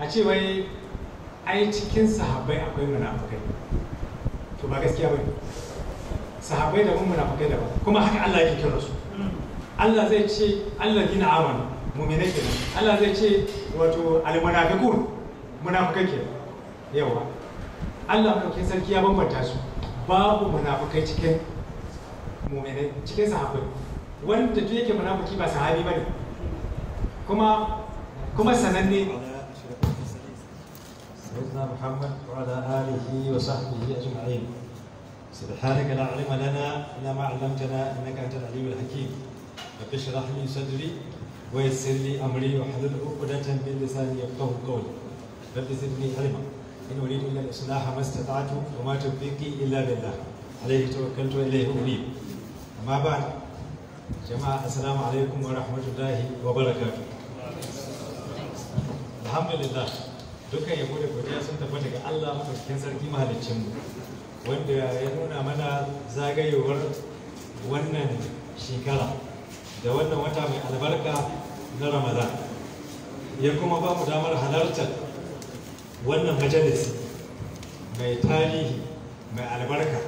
a ce wai ai cikin sahabbai akwai munafukai to ba gaskiya ba sahabbai da mun munafukai da ba kuma haka Allah yake kira su Allah zai ce Allah gina amanu mu'minai ke Allah zai ce wato almunafiqun munafukai ke yawa Allah madaukakin sarki ya bambanta su babu munafukai cikin mu'minai cikin sahabbai wanda duk yake munafiki ba sahabi bane kuma kuma sananne سيدنا محمد وعلى آله وصحبه أجمعين سبحانك لا علم لنا إلا ما علمتنا إنك أنت العليم الحكيم رب اشرح لي صدري ويسر لي أمري وحلل عقدة من لساني يفقه قولي رب زدني علما إن أريد إلا الإصلاح ما استطعت وما توفيقي إلا بالله عليه توكلت وإليه أنيب أما بعد جماعة السلام عليكم ورحمة الله وبركاته الحمد لله dukkan yabo da godiya sun tafi daga Allah madaukakin sarki mahaliccin mu wanda ya nuna mana zagayowar wannan shekara da wannan wata mai albarka na Ramadan ya kuma ba mu damar halartar wannan majalis. mai tarihi mai albarka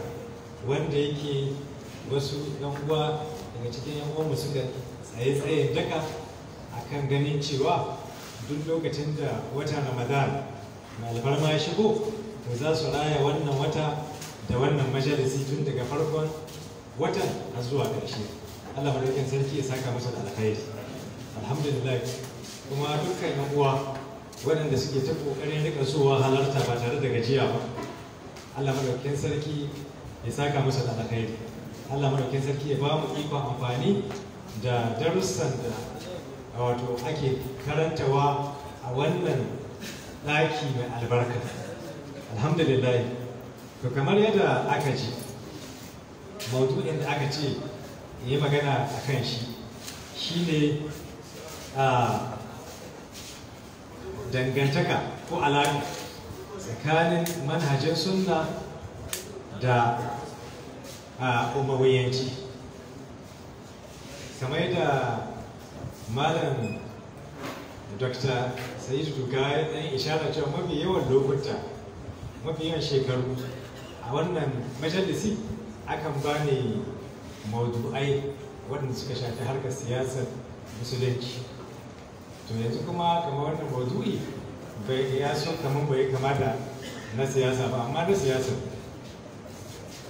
wanda yake wasu yan uwa daga cikin yan uwan suka tsaye tsaye daka akan ganin cewa duk lokacin da watan ramadan na alfarma ya shigo to za su raya wannan wata da wannan majalisi tun daga farkon watan har zuwa ƙarshe allah madaukin sarki ya saka masa da alkhairi alhamdulillah kuma dukkan yan uwa waɗanda suke ta ƙoƙarin rika zuwa halarta ba tare da gajiya ba allah madaukin sarki ya saka masa da alkhairi allah madaukin sarki ya ba mu ikon amfani da darussan da wato ake karantawa a wannan ɗaki mai albarka alhamdulillah to kamar yadda aka ce maudu'in da aka ce yi magana a kan shi shine a dangantaka ko alaƙa tsakanin manhajar sunna da umawiyanci kamar yadda malam dr sayidu Dukai ɗan ishara cewa mafi yawan lokuta mafi yawan shekaru a wannan majalisi akan ba ni maudu'ai waɗanda suka shafi harkar siyasar musulunci to yanzu kuma kamar wannan maudu'i bai ya so kamar bai kama na siyasa ba amma na siyasa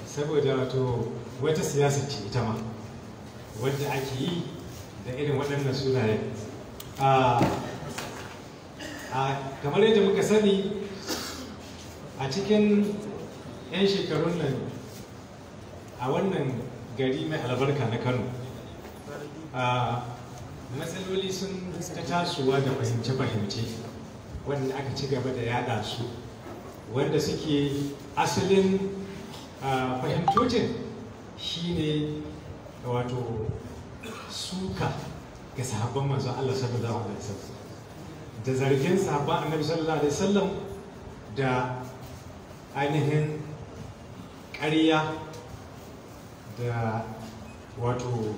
saboda wato wata siyasa ce ita ma wadda ake yi da irin waɗannan sunayen kamar yadda muka sani a cikin 'yan shekarun nan a wannan gari mai albarka na kano matsaloli sun ta tasowa da fahimce-fahimce wanda aka ci gaba da yada su wanda suke asalin fahimtocin shine wato suka ga sahabban manzo Allah sallallahu alaihi wasallam da zargin sahabban annabi sallallahu alaihi wasallam da ainihin ƙarya da wato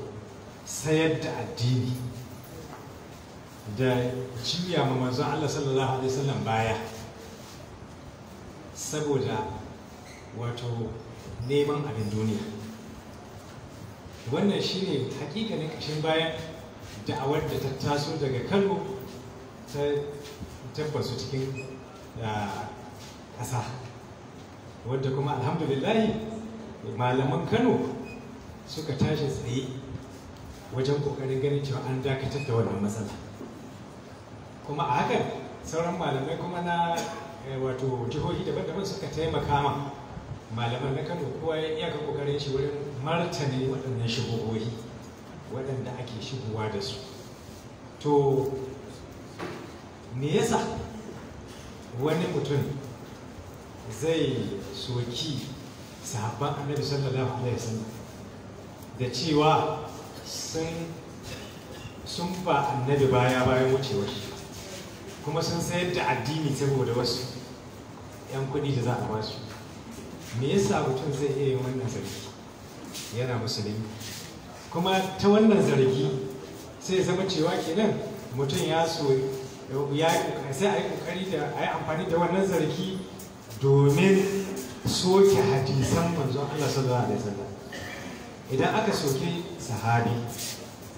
sayar da addini da jiya ma manzo Allah sallallahu alaihi wasallam baya saboda wato neman abin duniya wannan shi shine hakikanin kashin bayan da'awar da ta taso daga kano ta tabbasu cikin ah, ƙasa wadda kuma alhamdulillahi malaman kano suka tashi tsaye wajen ƙoƙarin ganin cewa an dakatar da wannan matsala kuma a hakan sauran malamai kuma na eh, wato jihohi daban-daban suka taimaka ma malaman na kano kowa ya iyaka ƙoƙarin shi wurin Martani waɗannan shigogohi waɗanda ake shigowa da su to me yasa wani mutum zai soki sahabban annabi sallallahu alaihi wasallam da cewa sun ba annabi baya bayan wucewar kuma sun sayar da addini saboda wasu 'yan kuɗi da za a basu me yasa mutum zai iya yin wannan zargi yana musulmi kuma ta wannan zargi sai zama cewa kenan mutum ya so ya sai a yi kokari da a yi amfani da wannan zargi domin soke hadisan manzon Allah sallallahu alaihi wasallam idan aka soke sahabi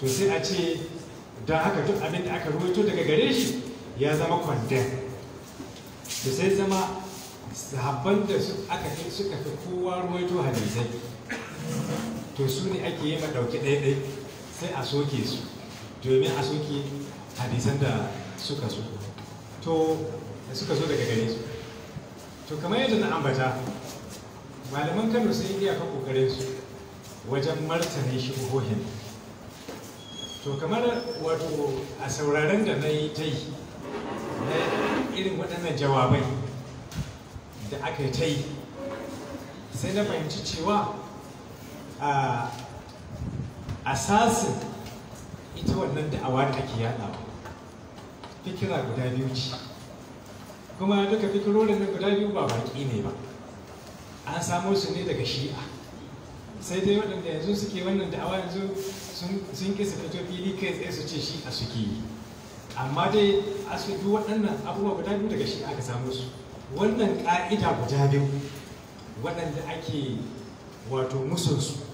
to sai a ce da haka duk abin da aka ruwaito daga gare shi ya zama kwandan to sai zama sahabban da aka suka fi kowa ruwaito hadisai to su ne ake yi ma ɗauki ɗai-ɗai sai a soke su domin a soke hadisan da suka so to da suka so daga gare su to kamar yadda na ambata malaman kano sun iya iyaka kokarin su wajen martani buhohin to kamar wato a sauraren da na yi ta yi na irin waɗannan jawabai da aka yi ta yi sai na fahimci cewa a sasin ita wannan da'awa da ake ba, fikira guda biyu ce kuma duka fikirorin nan guda biyu ba baki ne ba an samo su ne daga shi'a sai dai waɗanda yanzu suke wannan da'awa yanzu sun kisa fito fili kai tsaye su ce shi'a suke yi amma dai a su duk waɗannan abubuwa guda biyu daga shi'a ka samo su wannan ƙa'ida guda biyu waɗanda ake wato musunsu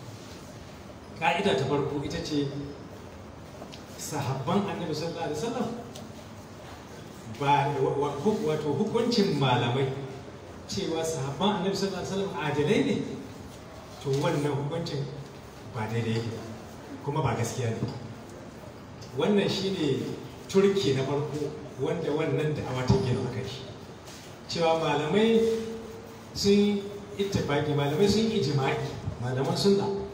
ka'ida ta farko ita ce sahabban annabi sallallahu alaihi wasallam ba wato hukuncin malamai cewa sahabban annabi sallallahu alaihi wasallam adalai ne to wannan hukuncin ba daidai ne kuma ba gaskiya ne wannan shine turki na farko wanda wannan da awa ta gina kai cewa malamai sun ittifaki malamai sun ijma'i malaman sunna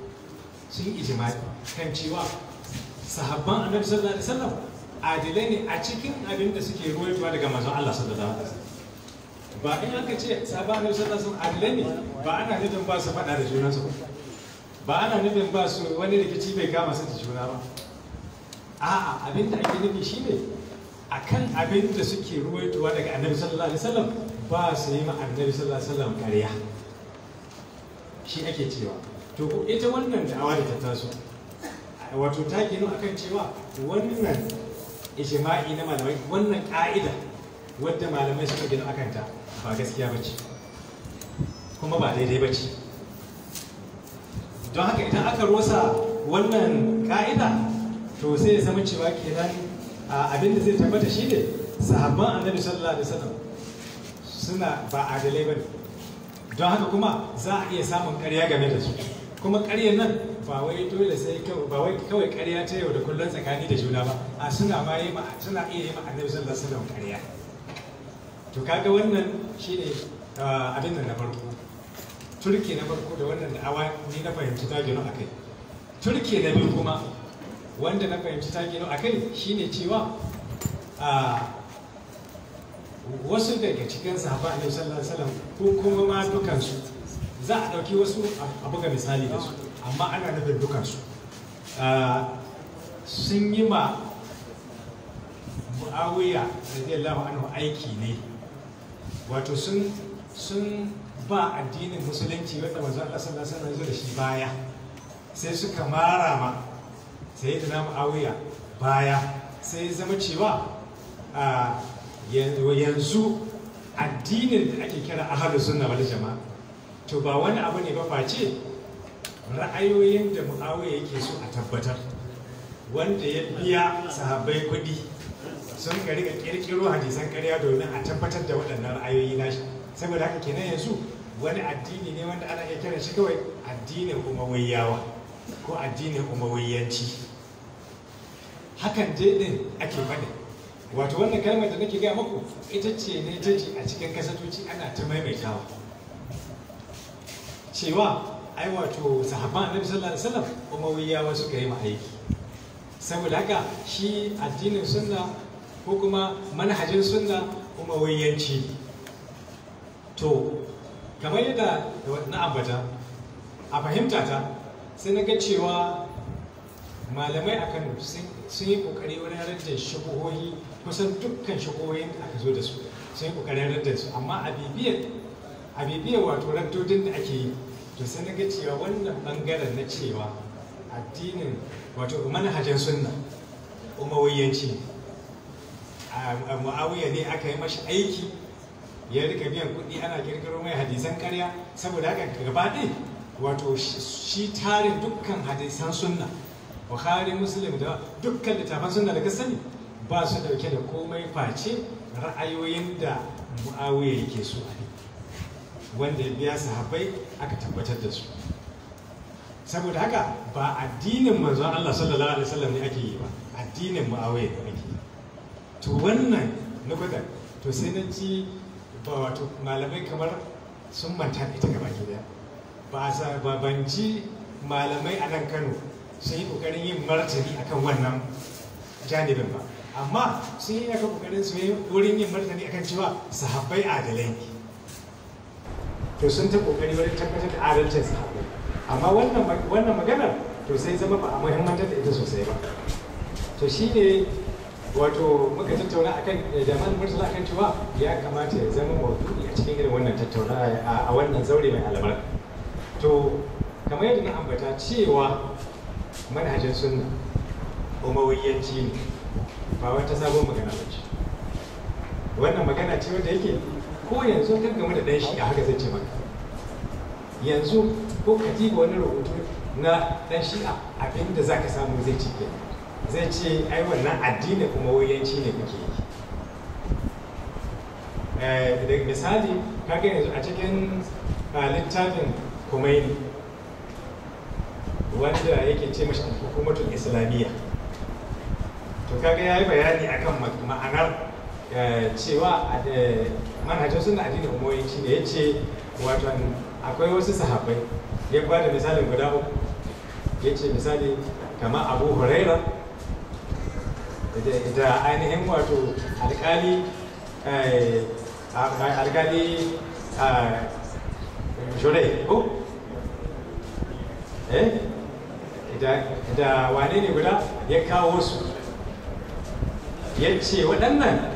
sun yi ijimai kan cewa sahabban annabi sallallahu alaihi wasallam adilai ne a cikin abin da suke ruwaitowa daga manzon Allah sallallahu alaihi wasallam ba in aka ce sahabban annabi sallallahu alaihi wasallam adilai ne ba ana nufin ba su faɗa da junansu ba ba ana nufin ba su wani rikici bai kama su da juna ba a'a abin da ake nufi shine akan abin da suke ruwaitowa daga annabi sallallahu alaihi wasallam ba su yi ma annabi sallallahu alaihi wasallam ƙarya shi ake cewa to ita wannan da'awa da ta taso wato ta ginu akan cewa wannan ijma'i na malamai wannan ka'ida wadda malamai suka gina akan ta ba gaskiya ba ce kuma ba daidai ba ce don haka idan aka rosa wannan ka'ida to sai ya zama cewa kenan abinda zai tabbata shi ne sahabban annabi sallallahu alaihi wasallam suna ba adalai ba ne don haka kuma za a iya samun karya game da su kuma ƙaryar nan ba wai dole sai ba wai kawai karya ta yau da kullum tsakani da juna ba a suna ma yi suna iya yi ma annabi sallallahu alaihi karya to kaga wannan shine ah, abin nan na farko turke na farko da wannan awa ni na fahimci ta gino akai turke na biyu kuma wanda na fahimci ta gino akai shine cewa ah, wasu daga cikin sahaba alaihi sallallahu alaihi ko kuma ma dukansu za a ɗauki wasu a buga misali da su amma ana nufin dukansu ah, sun yi ma mu'awiya radiyallahu anhu aiki ne wato sun sun ba addinin musulunci wanda manzon Allah sallallahu alaihi wasallam da shi baya sai suka mara ma sai da mu'awiya baya sai zama cewa ah, yanzu addinin da ake kira ahlus sunna wal jama'a to ba wani abu ne ba face ra'ayoyin da mu'awiya yake so a tabbatar wanda ya biya sahabai kuɗi sun ka ga kirkiro hadisan karya domin a tabbatar da waɗannan ra'ayoyi nashi saboda haka kenan yanzu wani addini ne wanda ana iya kiran shi kawai addinin umawayyawa ko addinin umawayyanci hakan dai din ake faɗi wato wannan kalmar da nake gaya muku ita ce ne jeji a cikin kasatoci ana ta maimaitawa cewa ai wato sahabban annabi sallallahu alaihi wasallam umayyawa suka yi aiki saboda haka shi addinin sunna ko kuma manhajin sunna umayyanci to kamar yadda na ambata a fahimta ta sai na ga cewa malamai a kano sun yi kokari wurin rarrabe shubuhohi kusan dukkan shubuhohin da aka zo da su sun yi kokarin rarrabe su amma a bibiyar a bibiyar wato raddodin da ake yi to sai na ga cewa wannan bangaren na cewa addinin wato manhajan sunna umawiyyanci a ne aka yi mashi aiki ya rika biyan kuɗi ana kirkiro mai hadisan karya saboda haka gaba ɗin wato shi tarin dukkan hadisan sunna bukhari muslim da dukkan littafan sunna da ka sani ba su dauke da komai face ra'ayoyin da mu'awiya yake so a wanda ya biya sahabbai aka tabbatar da su saboda haka ba addinin manzon Allah sallallahu alaihi wasallam ne ake yi ba addinin muawiya ne ake yi to wannan na gwada to sai na ci ba wato malamai kamar sun manta ita gaba da ba sa ci malamai a nan Kano sun yi kokarin yin martani akan wannan janibin ba amma sun yi kokarin su yi wurin yin martani akan cewa sahabbai adalai to sun ta kokari wani tabbatar da adalcin haɗu. amma wannan wannan maganar to sai zama ba a muhimmantar da ita sosai ba to shine wato muka tattauna akan jama'an eh, murtala kan cewa ya kamata ya zama maudu'i a cikin irin wannan tattauna a wannan zaure mai albarka to kamar yadda na ambata cewa manhajin sunna umawiyyanci ne ba wata sabon magana ba ce wannan magana ce wadda yake ko yanzu ka game da ɗan shi a haka zai ce maka yanzu ko ka wani rubutu na ɗan shi'a abinda za ka samu zai ci ke zai ce ai wannan addini kuma wuyanci ne kuke yi eh, daga misali kaga yanzu a cikin ah, littafin kumaini wanda yake ce mashi hukumatul islamiyya to kaga ya yi bayani akan ma'anar Eh, cewa a eh, manhajar suna addinin umoyin shi ne ya ce wato akwai wasu sahabbai ya ba da misalin guda uku ya ce misali kama abu huraira da ainihin wato alkali eh, alkali shurai ko da wane ne guda ya kawo su ya ce waɗannan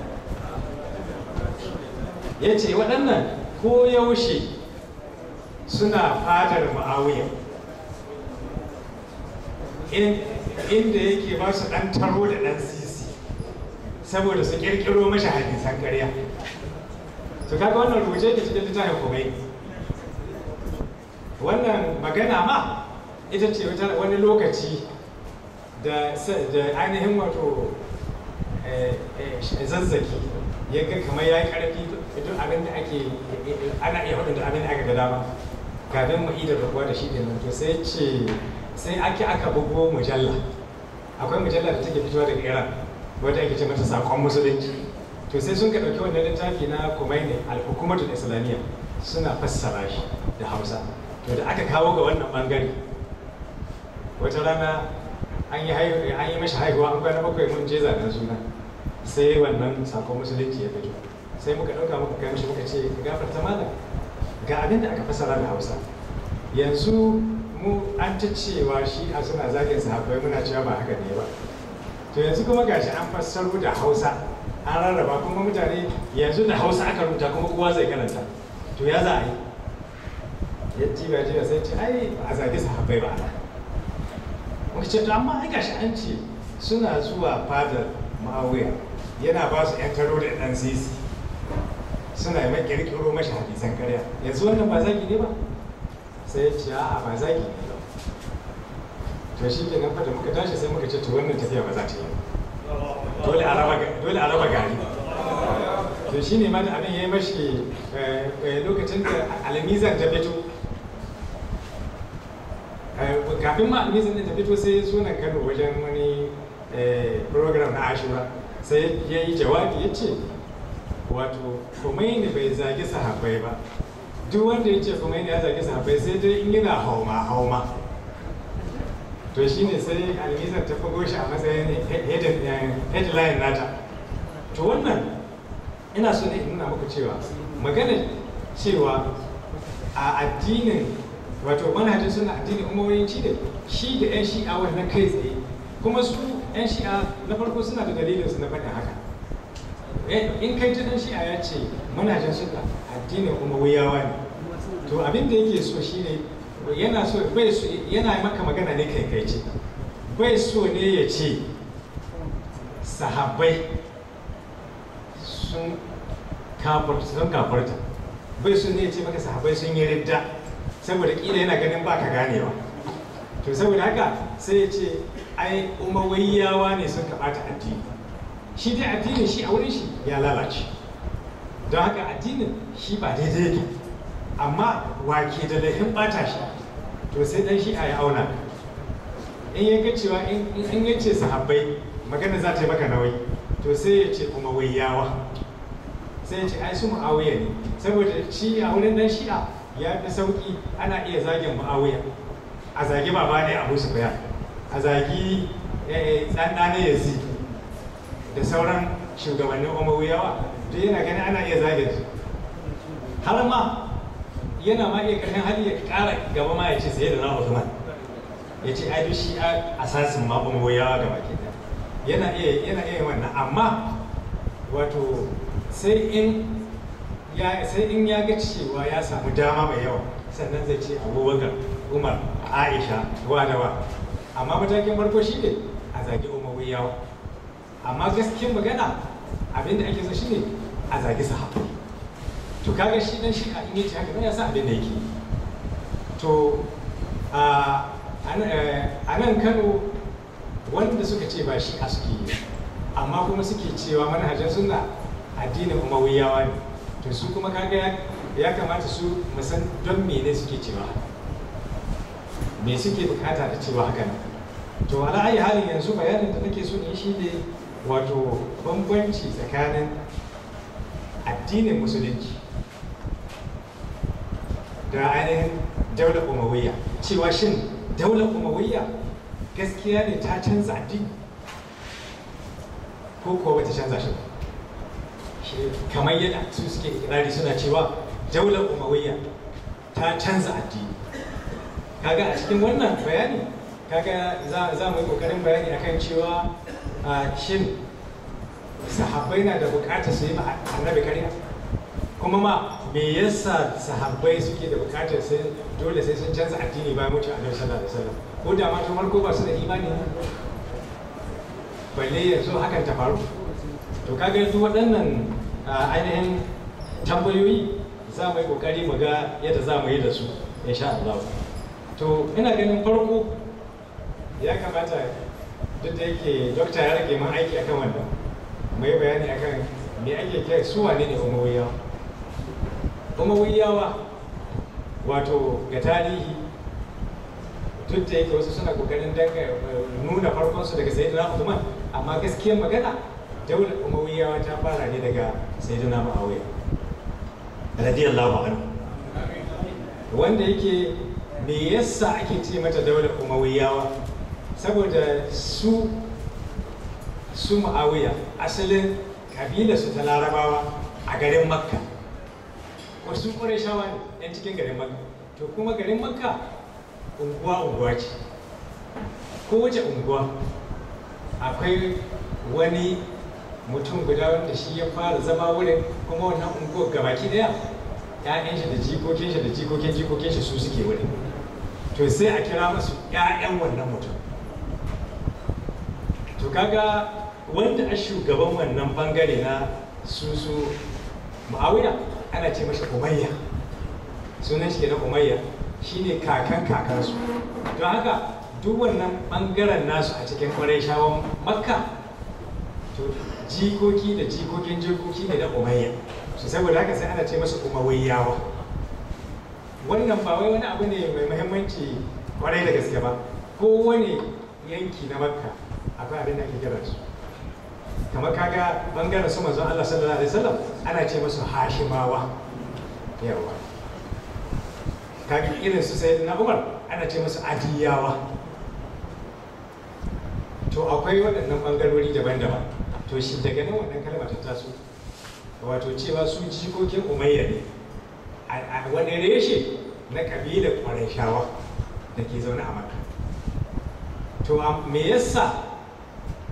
ya ce waɗannan koyaushe suna fatar ma'awiya inda yake ba su ɗan taro da ɗan sisi saboda su ƙirƙiro mashi hadisan ƙarya to kaga wannan rubuce ke cikin littafin kome wannan magana ma ita ce wani lokaci da ainihin wato eh, eh, zazzaki ya kamar ya yi ƙarfi duk abin da ake ana iya hudu da abin da aka ga dama kafin mu idar rabuwa da shi ɗin to sai ce sai ake aka bugo mujalla akwai mujalla da take fitowa daga iran wadda ake ce mata sakon musulunci to sai sun ka ɗauki wannan littafi na kumaini al-hukumatul islamiyya suna fassara shi da hausa to da aka kawo ga wannan bangare wata rana an yi mashi haihuwa an kwana bakwai mun je zanen suna sai wannan sakon musulunci ya fito sai muka ɗauka muka kai mishi muka ce ta malam ga abin da aka fassara da hausa yanzu mu an ta cewa shi a suna zagin sahabbai muna cewa ba haka ne ba to yanzu kuma gashi an fassaro da hausa an rarraba kuma mutane yanzu da hausa aka rubuta kuma kowa zai karanta to ya za a yi ya ba jiba sai ce ai ba a zagi sahabbai ba ana muka ce to amma ai gashi an ce suna zuwa fadar ma'awiya yana ba su 'yan karo da ɗan sisi suna yi makirkiro mashi hadisan karya yanzu wannan ba zaki ne ba sai ya ce a ba zaki ne ba to shi ke nan fata muka tashi sai muka ce to wannan tafiya ba za ta yi dole a raba gari to shi ne mana abin ya yi mashi eh, eh, lokacin da alamizan ta fito eh, kafin ma alamizan ta fito sai suna kano wajen wani program na ashura sai ya yi jawabi ya ce wato kumaini bai zagi sahabbai ba duk wanda ya ce kumaini ya zagi sahabbai sai dai in yana hauma hauma to shine sai almisar ta fago shi a matsayin eh, headline nata to wannan ina so ne nuna muku cewa maganar cewa a addinin wato manhajin suna addinin umarorin ci da shi da 'yan shi'a wannan kai tsaye kuma su yan shi'a na farko suna da dalilin su na faɗin haka eh, in kai ji dan shi'a ya ce muna jin suka addinin kuma wuyawa ne to abin da yake so shine yana so bai so yana maka magana ne kai kai ce bai so ne ya ce sahabbai sun kafurta sun kafurta bai so ne ya ce maka sahabbai sun yi ridda saboda kila yana ganin baka ganewa to saboda haka sai ya ce ai umawiyawa ne suka bata addini shi dai addinin shi a wurin shi ya lalace don haka addinin shi ba daidai yake amma wake da lahin bata shi to sai dan shi a ya auna in ya ga cewa in ya ce sahabbai magana za ta yi maka nauyi to sai ya ce umawiyawa sai ya ce ai su mu'awiya ne saboda shi a wurin dan shi'a ya fi sauki ana iya zagin mu'awiya a zagi baba ne a su bayan a zagi ɗan eh, eh, na yazi da sauran shugabannin yawa duk yana gani ana iya zage su har ma yana ma iya ƙarshen hali ya ƙara gaba ma ya ce sai da na man ya ce ai shi a asasin ma yawa ga baki yana iya yana iya wannan amma wato sai in ya sai in ya ga cewa ya samu dama mai yawa sannan zai ce abubakar umar aisha wa da wa amma matakin farko shi ne a zagi yawo amma gaskiyar magana abinda ake so shine a zagi haɗu to kaga shi nan shi a yace haka ya sa abin da yake to eh, a nan Kano wanda suka ce ba shi a suke yi amma kuma suke cewa manhajar sunna addinin umawiyawa ne to su kuma kaga ya kamata su musan don mene suke cewa me suke bukata da cewa haka ne to ala ayi halin yanzu bayanin da nake so in shi ne wato bambanci tsakanin addinin musulunci da ainihin daular umawiyya cewa shin daular umawiyya gaskiya ne ta canza addini ko kuwa bata canza shi kamar yadda su suke ikirari suna cewa daular umawiyya ta canza addini kaga a cikin wannan bayani kaga za mu yi kokarin bayani akan cewa shin sahabbai na da bukatar su yi ma annabi kariya kuma ma me yasa sahabbai suke da bukatar sai dole sai sun canza addini bayan mutu annabi sallallahu alaihi wasallam ko da ma tun farko ba su da imani balle yanzu hakan ta faru to kaga duk waɗannan ainihin tambayoyi za mu yi kokari mu ga yadda za mu yi da su insha Allah to ina ganin farko ya kamata duk da yake dokta ya rage ma aiki akan wannan mai bayani akan me ake kai su wane ne umawiyawa umawiyawa wato ga tarihi duk da yake wasu suna kokarin danga eh, nuna farkonsu daga sayyidina Uthman amma gaskiyar magana daula umawiyawa ta fara ne daga sayyidina Muawiya radiyallahu anhu wanda yake me yasa ake ce mata daular umawiyawa saboda su su ma'awiya asalin kabila su ta larabawa a garin makka wasu shawa ne yan cikin garin makka to kuma garin makka unguwa unguwa ce kowace unguwa akwai wani mutum guda wanda shi ya fara zama wurin kuma wannan unguwar gabaki daya 'ya'yan shi da jikokin shi da jikokin jikokin shi su suke wurin to sai a kira masu 'ya'yan wannan mutum to kaga wanda a shugaban wannan bangare na susu ma'awiya ana ce mashi umayya sunan shi na umayya shine kakan kakansu don haka duk wannan bangaren nasu a cikin kwarai shawon makka to jikoki da jikokin jikoki ne da umayya saboda haka sai ana ce masu yawa. wannan ba wai wani abu ne mai muhimmanci kwarai da gaske ba Ko wani yanki na makka akwai abin da ake kira su kamar kaga bangaren su manzon Allah sallallahu alaihi wasallam ana ce musu hashimawa yawa kaga irin su sai na Umar ana ce musu adiyawa to akwai waɗannan bangarori daban-daban to shi daga nan wannan kalmar ta taso wato cewa su jikokin umayya ne a wani reshe na kabilar shawa da ke zaune a makka to me yasa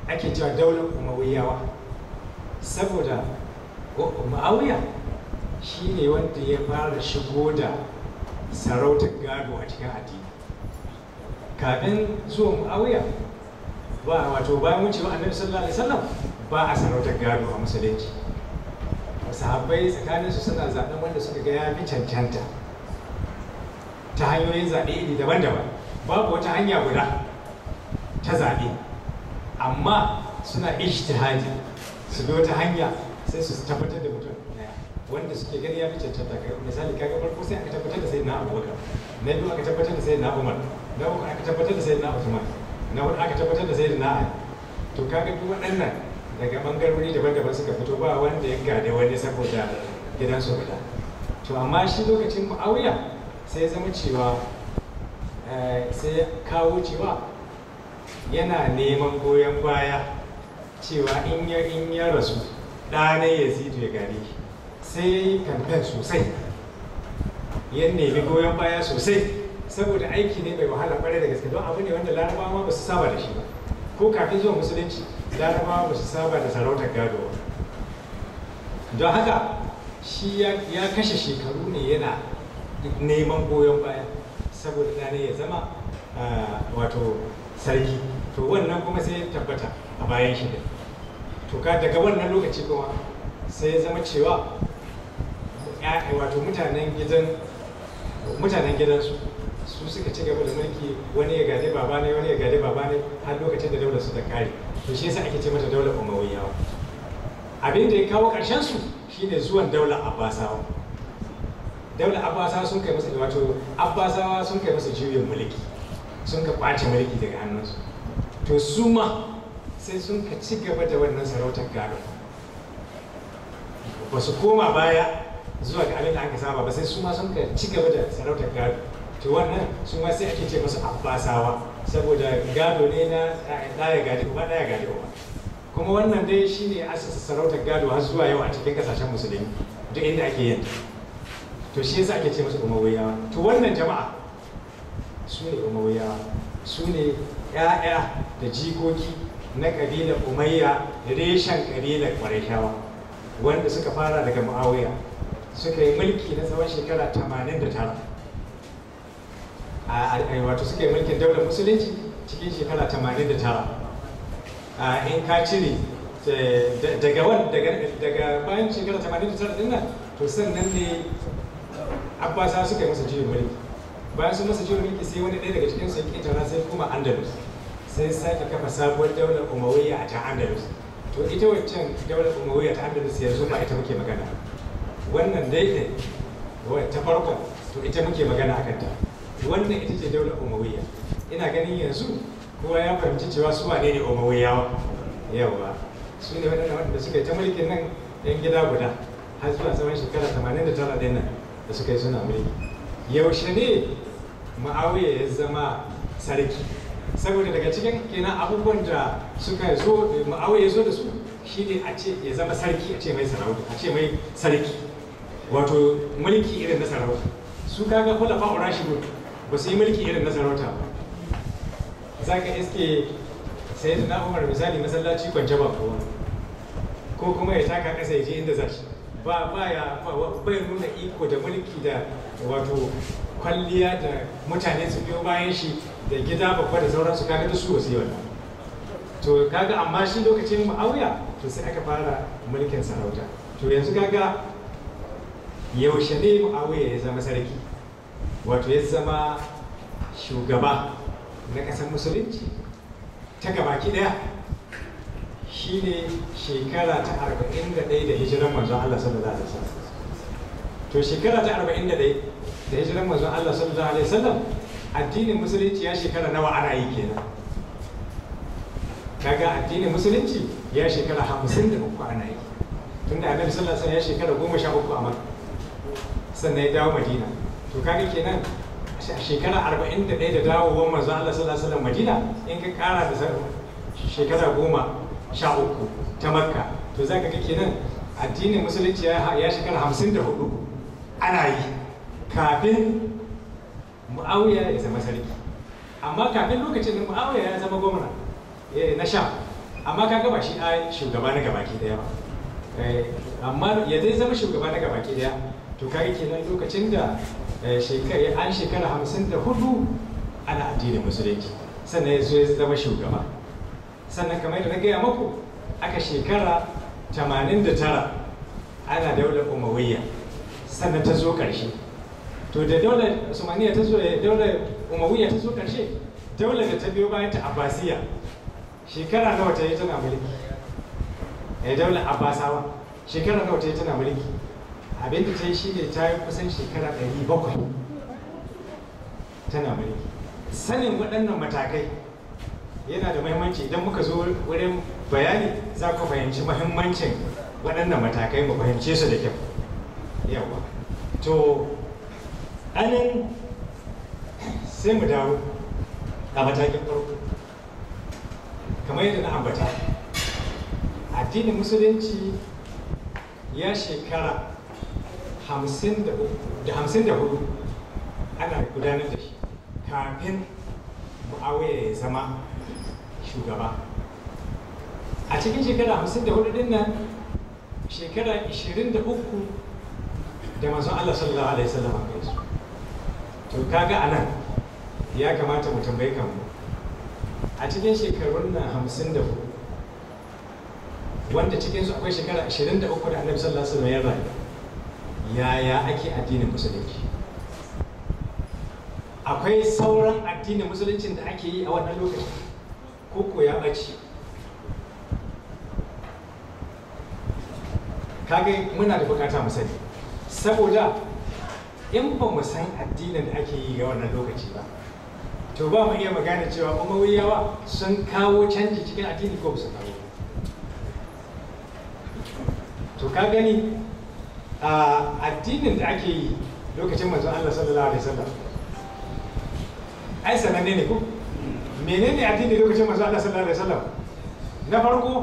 ake cewa daular umawiyawa saboda ma'auya shi ne wanda ya fara shigo da sarautar gado a cikin addini kafin zuwa ma'auya ba wato bayan wucewa annabi sallallahu alaihi wasallam ba a sarautar gado a musulunci sahabbai tsakaninsu suna zaɓen wanda suka ga ya cancanta ta hanyoyin zaɓe iri daban-daban babu wata hanya guda ta zaɓe amma suna ijtihadi su bi wata hanya sai su tabbatar da mutum wanda suke gani ya fi cancanta kai misali kaga farko sai aka tabbatar da na abubakar na biyu aka tabbatar da na umar na uku aka tabbatar da na usman na hudu aka tabbatar da na ali to kaga duk waɗannan daga bangarori daban-daban suka fito ba wanda ya gane wani saboda su guda to amma shi lokacin mu'awiya sai zama cewa eh, sai kawo cewa yana neman goyon baya cewa in ya rasu ɗana ya zidu ya gari sai ya yi kamfen sosai ya nemi goyon baya sosai saboda aiki ne mai wahala ƙwarai da gaske don abu ne wanda larabawa ba su saba da shi ba ko kafin zuwa musulunci larabawa ba su saba da sarautar gado ba don haka shi ya kashe shekaru ne yana neman goyon baya saboda ɗane ya zama wato sarki to wannan kuma sai ya tabbata a bayan shi da to ka daga wannan lokaci kuma sai ya zama cewa wato mutanen gidan mutanen gidansu su suka ci gaba da mulki wani ya gade baba ne wani ya gade baba ne har lokacin da daular su ta kare to shi yasa ake ce mata daular umawiyawa abin da ya kawo ƙarshen su shine zuwan daular abbasawa daula abbasa sun kai masa wato abbasawa sun kai masa juyin mulki sun ka kwace mulki daga hannunsu to su ma sai sun ka ci gaba da wannan sarautar gado ba su koma baya zuwa ga abin da aka saba ba sai su ma sun ka ci gaba da sarautar gado to wannan su ma sai ake ce masa abbasawa saboda gado ne na ɗaya gado ba ɗaya gado ba kuma wannan dai shine asasa sarautar gado har zuwa yau a cikin kasashen musulmi duk inda ake yin ta to shi yasa ake ce musu umawiyawa to wannan jama'a su ne umawiyawa su ne ƴaƴa da jikoki na ƙabilar umayya da reshen ƙabilar ƙwarashawa. wanda suka fara daga mu'awiya suka yi mulki na tsawon shekara 89 a wato suka yi mulkin daular musulunci cikin shekara 89 in ka cire eh, daga bayan shekara 89 din nan to sannan ne abbasa suka yi masa jiyar mulki bayan sun masa jiyar mulki sai wani ɗaya daga cikin su yake tara sai kuma andalus sai sake kafa sabuwar daular umawiyya a ta andalus to ita wancan daular umawiyya ta andalus yanzu ba ita muke magana wannan daidai ta farkon to ita muke magana akan ta wannan ita ce daular umawiyya ina ganin yanzu kowa ya fahimci cewa su wane ne umawiyawa yawa su ne waɗanda suka yi ta mulkin nan yan gida guda har zuwa tsawon shekara 89 din nan da suka yi suna mulki yaushe ne ma'awiya ya zama sarki saboda daga cikin kenan abubuwan da suka zo ma'awiya ya zo da su shi ne a ce ya zama sarki a ce mai sarauta a ce mai sarki wato mulki irin na sarauta su kaga kula ura shi ba su yi mulki irin na sarauta ba za ka iske sai da na umar misali masallaci kwance ba kowa ko kuma ya taka kasa ya je inda za shi ba ba ya bai nuna iko da mulki da wato kwalliya da mutane su biyo bayan shi da gida babba da sauransu kaga da su wasu to kaga amma shi lokacin ma'auya to sai aka fara mulkin sarauta to yanzu kaga yaushe ne ma'auya ya zama sarki wato ya zama shugaba na ƙasar musulunci ta gabaki ɗaya Shi ne shekara ta 41 da hijiran manzon Allah sallallahu alaihi wasallam to shekara ta 41 da hijiran manzon Allah sallallahu alaihi wasallam addinin musulunci ya shekara nawa ana yi kenan kaga addinin musulunci ya shekara 53 ana yi tunda annabi sallallahu alaihi wasallam ya shekara 13 a Makka sannan ya dawo Madina to kaga kenan a shekara 41 da dawowar manzon Allah sallallahu alaihi wasallam Madina in ka kara da shekara goma sha uku ta makka to za ka kake kenan addinin musulunci ya shekara hamsin da hudu ana yi kafin mu'awiya ya zama sarki amma kafin lokacin da mu'awiya ya zama gwamna eh, na sha amma ka gaba shi a shugaba na gabaki daya ba eh, amma ya zai zama shugaba na gabaki daya to kaga kenan lokacin da eh, an shekara hamsin da hudu ana addinin musulunci sannan ya zo ya zama shugaba sannan kamar yadda na gaya maku aka shekara 89 ana daular umawiyya sannan ta zo ƙarshe to da daular usmaniya ta zo daular umawiyya ta zo ƙarshe daular da ta biyo bayan ta abbasiya shekara nawa ta yi tana mulki eh daular abbasawa shekara nawa ta yi tana mulki abinda ta yi shine ta yi kusan shekara 700 tana mulki sanin waɗannan matakai yana da mahimmanci idan muka zo wurin bayani za ku fahimci mahimmancin waɗannan matakai mu fahimce su da kyau yawa to anin sai mu dawo a matakin farko kamar yadda na ambata addinin musulunci ya shekara hamsin da hudu ana gudanar da shi kafin mu'awiya ya zama shugaba a cikin shekara 54 din nan shekara 23 da masu Allah sallallahu alaihi sallama kai su to kaga a nan ya kamata mu tambaye kamu, a cikin shekarun nan 54 wanda cikinsu akwai shekara 23 da annabi sallallahu alaihi wasallam ya rayu yaya ake addinin musulunci akwai sauran addinin musuluncin da ake yi a wannan lokacin ko ya ɓace kage muna da bukata mu sani saboda in ba mu san addinin da ake yi ga wannan lokaci ba to ba mu iya magana cewa umawiyawa sun kawo canji cikin addini ko su kawo to ka gani addinin da ake yi lokacin manzon Allah sallallahu alaihi wasallam ai sananne ne ko menene addini lokacin masu Allah sallallahu alaihi wasallam na farko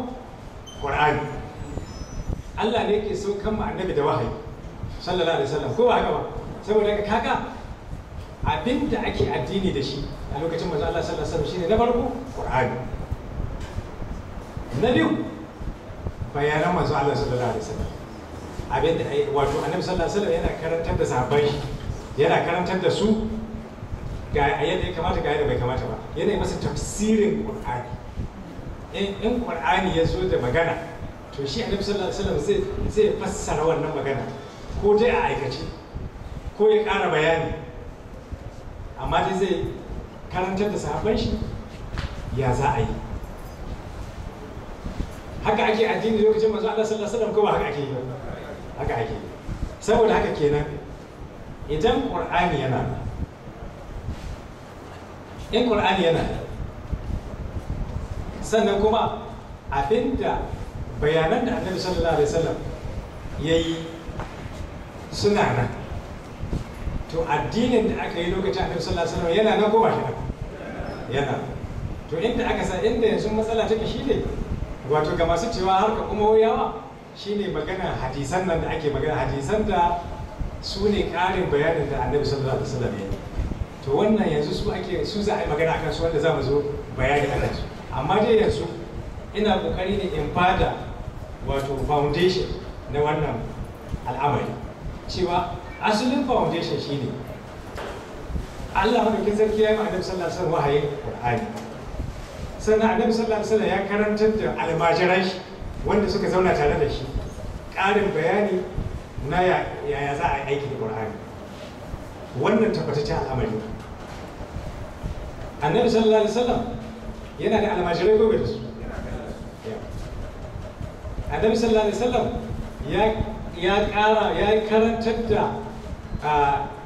Qur'ani Allah ne yake saukan mu annabi da wahayi sallallahu alaihi wasallam ko ba haka ba saboda kaga abinda ake addini da shi a lokacin masu Allah sallallahu alaihi wasallam shine na farko Qur'ani na biyu bayanan masu Allah sallallahu alaihi wasallam abinda eh, wato annabi sallallahu alaihi wasallam yana karantar da sahabbai yana karantar da su ga a yadda ya kamata gaya da bai kamata ba yanayi masa tafsirin qur'ani in qur'ani ya zo da magana to shi a sallallahu zai zai fassara wannan magana ko dai a aikace ko ya ƙara bayani amma dai zai karantar da sahabban shi ya za a yi haka ake addini lokacin manzo Allah sallallahu alaihi wasallam ko ba haka ake yi haka ake yi saboda haka kenan idan qur'ani yana in ƙur'ani yana da sannan kuma abinda bayanan da annabi sallallahu alaihi wasallam ya yi suna nan to addinin da aka yi lokacin annabi sallallahu alaihi wasallam yana nan kuma shi yana to inda aka sa inda yanzu matsala take shi ne wato ga masu cewa harka umawiyawa shine magana hadisan nan da ake magana hadisan da su ne ƙarin bayanin da annabi sallallahu alaihi wasallam ya yi to wannan yanzu su ake su za a yi magana akan su wanda za mu zo bayani a kansu amma dai yanzu ina kokari ne in bada wato foundation na wannan al'amari cewa asalin foundation shine Allah madaukin sarki ya yi annabi sallallahu alaihi wasallam wahayi Qur'ani sannan annabi sallallahu alaihi wasallam ya karantar da almajiran shi wanda suka zauna tare da shi ƙarin bayani na yaya za a yi aiki da Qur'ani wannan tabbataccen al'amari annabi sallallahu alaihi wasallam yana da almajirai ko da su annabi sallallahu alaihi wasallam ya kara ya karantar da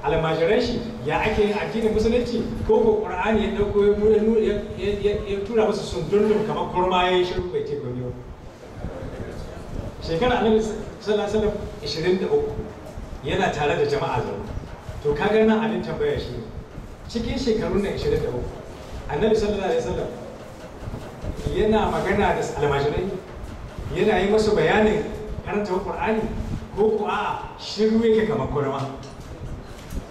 almajirai shi ya ake yin addinin musulunci ko ko qur'ani ya dauko ya ya tura musu dundun kamar kurma ya yi shiru bai ce gobe shekara annabi sallallahu alaihi wasallam 23 yana tare da jama'a zama to kaga nan abin tambaya shi cikin shekarun na 23 annabi sallallahu alaihi wasallam yana magana da almajirai yana yi masa bayanin karanta qur'ani ko ku a shiru yake kamar kurma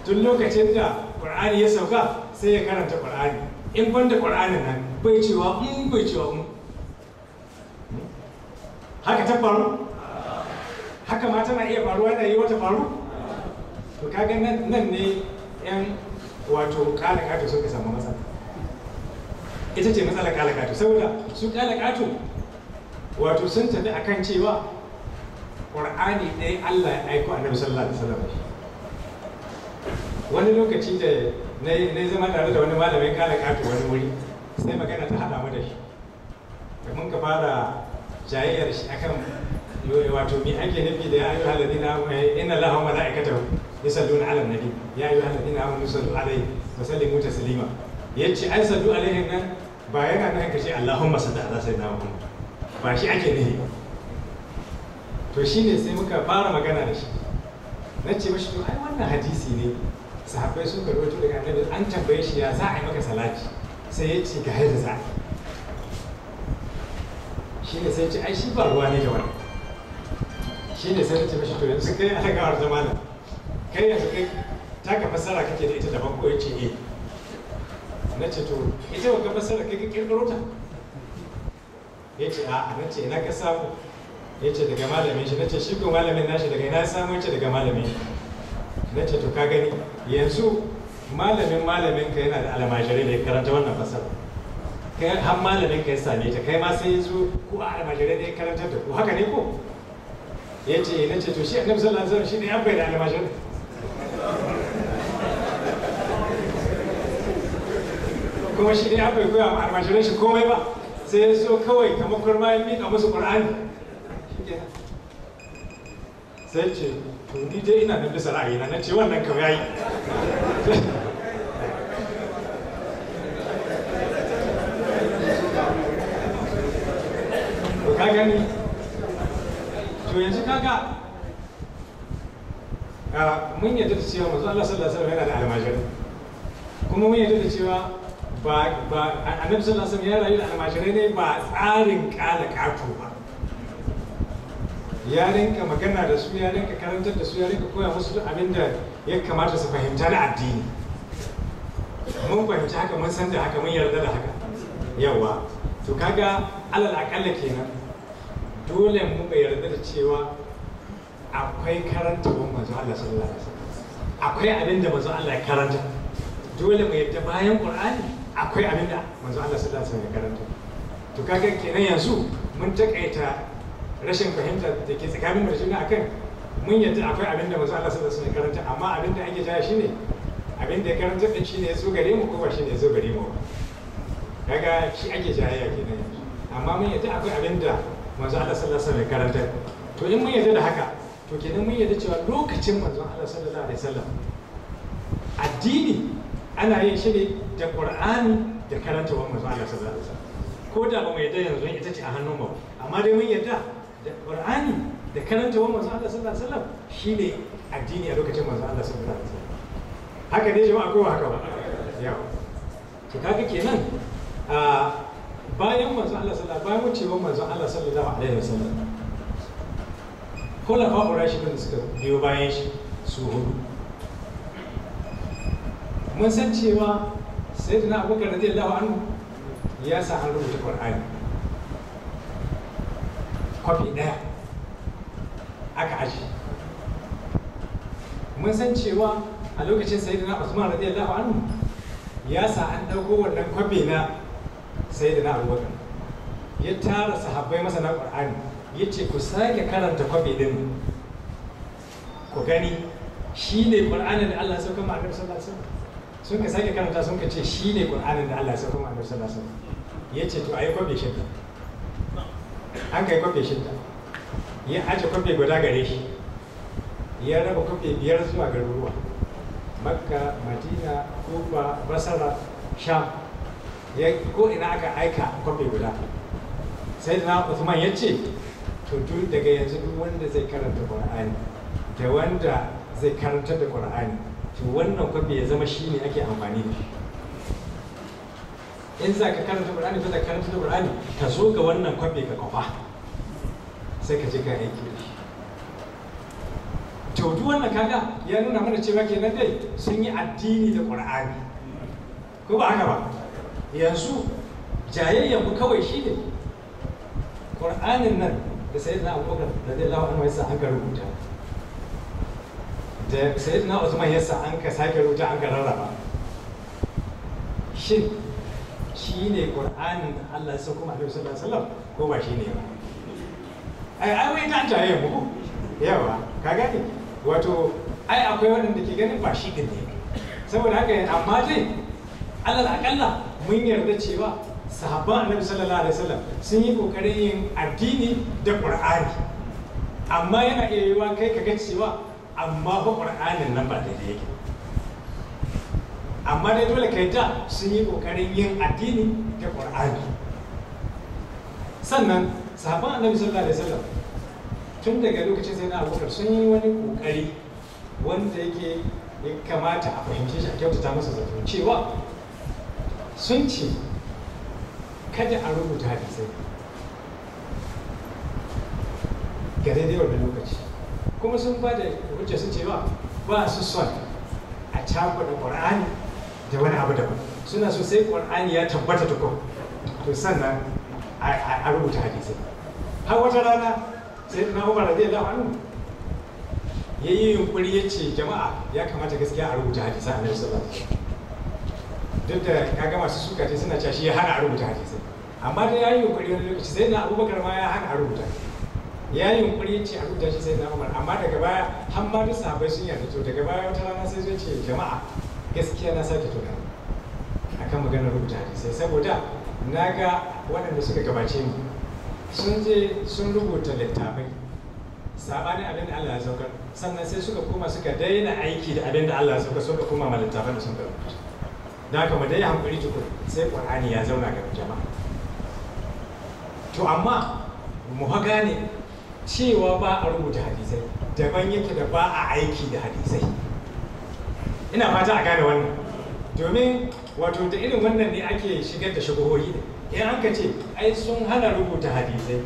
tun lokacin da qur'ani ya sauka sai ya karanta qur'ani in banda qur'anin nan bai cewa in mm, bai cewa in mm. haka ta faru haka ma tana iya faruwa yana yi wata faru to kaga nan ne yan wato kada kada suka samu matsala ita ce matsalar kalakatu saboda su kalakatu wato sun tafi akan cewa ƙwar'ani ɗaya Allah ya aiko a nan sallallahu da wasallam wani lokaci da na zama tare da wani malamin kalakatu wani wuri sai magana ta haɗa mu da shi mun ka fara jayayyar shi akan wato mi ake nufi da ya ayu haladina eh, inna ya malaikatahu yusalluna ala nabi ya yi ayu haladina amanu sallu alaihi wa salima ya ce ai sallu alaihi nan ba yana nan ka ce Allahumma salli ala sayyidina Muhammad ba shi ake ne. to shine sai muka fara magana da shi na ce mashi to ai wannan hadisi ne sahabbai sun karwato daga annabi an tambaye shi ya za a yi maka salati sai ya ce ga yadda za a shi ne sai ce ai shi ba ruwa ne da wani shi ne sai na ce mashi to yanzu kai ana gawar zama kai yanzu kai ta ka fassara kake da ita daban ko ya ce eh na ce to ita wa gaba sarar kaga kirkiro ta ya ce a na ina ka samu ya ce daga malamin shi na ce shi ko malamin nashi daga ina samu ya ce daga malamin shi na ce to ka gani yanzu malamin malamin ka yana da almajiri da ya karanta wannan fasara kai har malamin ka ya same ta kai ma sai ya zo ko almajiri da ya karanta ta ko haka ne ko ya ce eh. na ce to shi annabi sallallahu alaihi wasallam shi ne ya bayyana almajiri. kuma shi ne aka koya ma almashirin shi komai ba sai ya so kawai kamar kurma ya miƙa musu ƙur'ani sai ce to ni dai ina da bisa ra'ayina na ce wannan kawai ah, kuma mun yadda da cewa ba ba annabi ya rayu da almajirai ne ba tsarin kala kato ba ya rinka magana da su ya rinka karantar da su ya rinka koya musu abin da ya kamata su fahimta na addini mun fahimci haka mun san da haka mun yarda da haka yawa to kaga alal akalla kenan dole mu bai yarda da cewa akwai karanta wa manzo Allah sallallahu alaihi wasallam akwai abin da manzo Allah ya karanta dole mu yarda bayan Qur'ani akwai abin da manzo Allah sallallahu alaihi wasallam ya karanta to kaga kenan yanzu mun takaita rashin fahimta da ke tsakanin mu da akan mun yadda akwai abin da manzo Allah sallallahu alaihi wasallam ya karanta amma abin da ake jaya shine abin da ya karanta din shine ya zo gare mu ko ba shine ya zo gare mu kaga shi ake jayayya kenan yanzu amma mun yadda akwai abin da manzo Allah sallallahu alaihi wasallam ya karanta to in mun yadda da haka to kenan mun yadda cewa lokacin manzo Allah sallallahu alaihi wasallam addini ana yin shi ne da qur'ani da karanta wa manzo Allah sallallahu alaihi wasallam ko da ba mu yadda yanzu ita ce a hannun mu amma dai mun yadda da qur'ani da karanta wa manzo Allah sallallahu alaihi wasallam shine addini a lokacin manzo Allah sallallahu alaihi wasallam haka ne jama'a ko haka ba yawa to kaga kenan a bayan manzo Allah sallallahu bayan wucewa manzo Allah sallallahu alaihi wasallam shi urashidun suka biyo bayan shi su hudu mun san cewa sai tuna abokan radiyallahu anhu ya sa an rubuta qur'ani kwafi ɗaya aka aji mun san cewa a lokacin sayyidina usman radiyallahu anhu ya sa an ɗauko wannan kwafi na sayyidina abubakar ya tara sahabbai masana qur'ani ya ce ku sake karanta kwafi din ku gani shi ne qur'anin da Allah sauka ma annabi sun ka sake karanta sun ka ce shi ne ƙur'anin da Allah ya sauko annabi sallallahu ya ce to a yi kwabe ta. an kai kwabe ta. ya ajiye kwabe guda gare shi ya raba kwabe biyar zuwa garuruwa makka madina kuma basara sham ya ko ina aka aika kwabe guda sai da Uthman ya ce to daga yanzu duk wanda zai karanta ƙur'ani. da wanda zai karanta da ƙur'ani. to wannan kwafi ya zama shi ne ake amfani da shi in za ka karanta burani ko za ka karanta burani ka zo ga wannan kwafi ka kwafa sai ka je ka aiki kiri to duk wannan kaga ya nuna mana cewa kenan dai sun yi addini da qur'ani ko ba haka ba yanzu jayayya mu kawai shi ne qur'anin nan da sayyidina abubakar radiyallahu anhu ya sa aka rubuta da sayyidina usman sa an ka sake rubuta an ka rarraba shin shi ne qur'anin da Allah ya kuma alaihi sallallahu alaihi wasallam ko ba shi ne ba ai ai wai ta taye mu yawa ka gane wato ai akwai waɗanda ke ganin ba shi gane ne saboda haka amma dai alal akalla mun yarda cewa sahabban annabi sallallahu alaihi wasallam sun yi kokarin yin addini da qur'ani amma yana iya yiwa kai ka ga cewa amma ba ƙur'anin nan ba daidai yake amma dai dole kai da sun yi ƙoƙarin yin addini da ƙur'ani sannan sabon annabi sallallahu alaihi wasallam tun daga lokacin sai na abokar sun yi wani ƙoƙari wanda yake ya kamata a fahimce shi a kyautata masa zato cewa sun ce kada a rubuta hadisai ga daidai wannan lokaci kuma sun ba da hujja sun ce ba su son a da ƙur'ani da wani abu daban suna so sai ƙur'ani ya tabbata tukun to sannan a rubuta hadisai har wata rana sai na umar radiyallahu hannu ya yi yunkuri ya ce jama'a ya kamata gaskiya a rubuta hadisa a nan sallallahu duk da kaga masu suka ce suna cashe ya hana a rubuta hadisai amma da ya yi yunkuri wani lokaci sai na abubakar ma ya hana a rubuta ya yunkuri ya ce a rubuta shi sai na umar amma daga baya har ma duk sahabbai sun yarda to daga baya wata rana sai zai ce jama'a gaskiya na sake tuna akan maganar rubuta hadisai saboda na ga waɗanda suka gabace mu sun je sun rubuta littafai sabanin abin da Allah ya saukar sannan sai suka koma suka daina aiki da abin da Allah ya saukar suka koma ma littafan da sun rubuta da haka mu dai hankuri tukun sai Qur'ani ya zauna ga jama'a to amma mu ha gane cewa ba a rubuta hadisai daban yake da ba a aiki da hadisai ina fata a gane wannan domin wato da irin wannan ne ake shigar da shagohori da an ka ce ai sun hana rubuta hadisai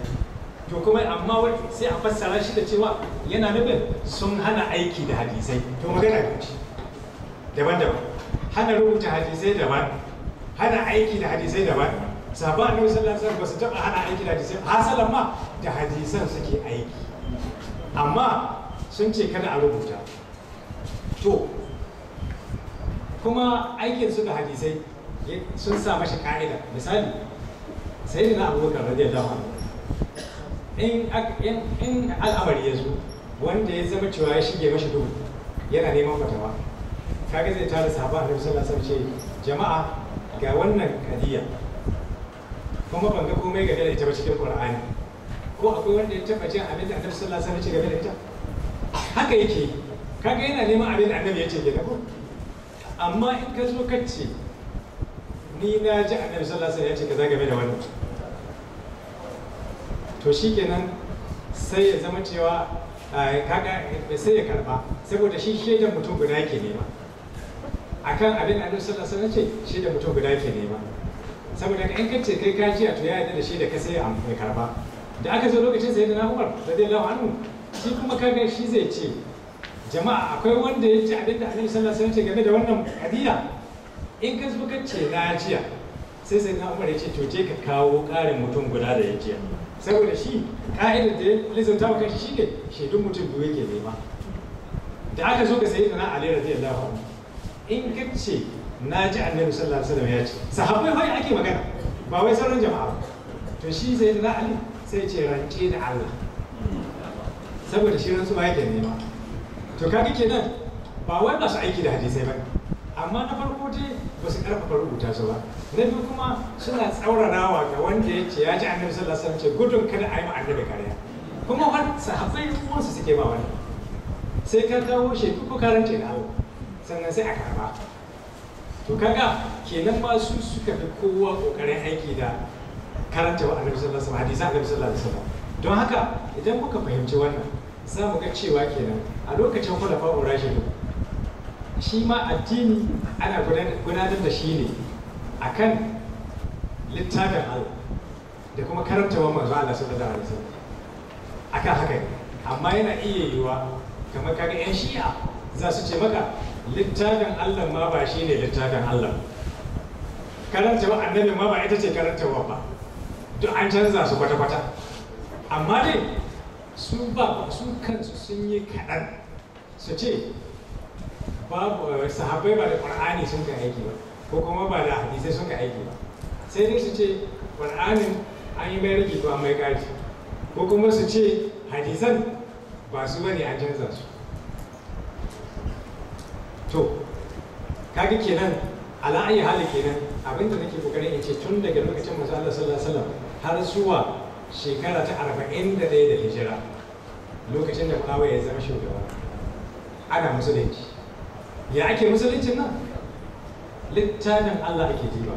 to kuma amma sai a fassara shi da cewa yana nufin sun hana aiki da hadisai to magana ce daban-daban hana rubuta hadisai daban hana aiki da hadisai daban sabon a nufin sallar wasallam ba su taɓa hana aiki da hadisai hasalan ma da hadisan suke aiki amma sun ce kada a rubuta to kuma aikin su da hadisai sun sa mashi ka'ida misali sai na abubakar radiyallahu anhu in in al'amari ya zo wanda ya zama cewa ya shige mashi duhu yana neman fatawa kaga zai tara sahaba a nufin sallar wasallam ce jama'a ga wannan kadiya kuma ban ga komai game da ita ba cikin qur'ani ko akwai wanda ya taba jin abin da annabi sallallahu alaihi wasallam ya ce game da ita haka yake kaga yana neman abin da annabi ya ce game ko amma in ka zo kace ni na ji annabi sallallahu alaihi wasallam ya ce kaza game da wannan to shikenan sai ya zama cewa kaga sai ya karba saboda shi shaidan mutum guda yake nema akan abin da annabi sallallahu alaihi wasallam ya ce shaidan mutum guda yake nema saboda in ka ce kai kashi a to ya da shi da ka sai ya karba da aka zo lokacin sai da na umar lau hannu shi kuma kaga shi zai ce jama'a akwai wanda ya ci abinda annabi sallallahu alaihi wasallam ce game da wannan hadiya in ka zo ka ce na jiya sai sai na umar ya ce to je ka kawo ƙarin mutum guda da ya jiya saboda shi ka'idar da ya lizanta wa kanshi shi ne shaidun mutum biyu yake nema da aka zo ka sai da na ali radiyallahu anhu in ka ce na ji annabi sallallahu alaihi wasallam ya ce sahabbai fa ake magana ba wai sauran jama'a to shi zai da ali sai ce rance da Allah saboda shi ransu ba yake nema to kaga kenan ba wai ba su aiki da hadisai ba amma na farko dai ba su karfafa rubuta su ba na biyu kuma suna tsauranawa ga wanda ya ce ya ji annabi sallallahu alaihi wasallam ce gudun kada a yi ma annabi kariya kuma wani sahabbai uwansu suke ba wani sai ka kawo shekuku karance da Allah sannan sai a karba to kaga kenan ma su suka fi kowa kokarin aiki da karanta wa annabi sallallahu alaihi wasallam hadisi annabi sallallahu alaihi wasallam don haka idan kuka fahimci wannan za mu ga cewa kenan a lokacin khulafa urashidu shi ma addini ana gudanar da shi ne akan littafin Allah da kuma wa manzo Allah sallallahu alaihi wasallam akan haka amma yana iya yiwa kamar kaga yan shi'a za su ce maka littafin Allah ma ba shi ne littafin Allah karantawa annabi ma ba ita ce karantawa ba duk an canza su kwata-kwata amma dai su ba su kansu sun yi kaɗan su ce babu sahabbai ba da ƙwar'ani sun ka aiki ba ko kuma ba da hadisai sun ka aiki ba sai dai su ce ƙwar'anin an yi mai rage ko an mai ƙaji ko kuma su ce hadisan ba su bane an canza su to kaga kenan ala ayi hali kenan abinda nake kokarin in ce tun daga lokacin manzo Allah sallallahu alaihi wasallam har zuwa shekara ta 41 da hijira lokacin da Fulawa ya zama shugaba ana musulunci ya ake musuluncin nan littafin Allah ake jiba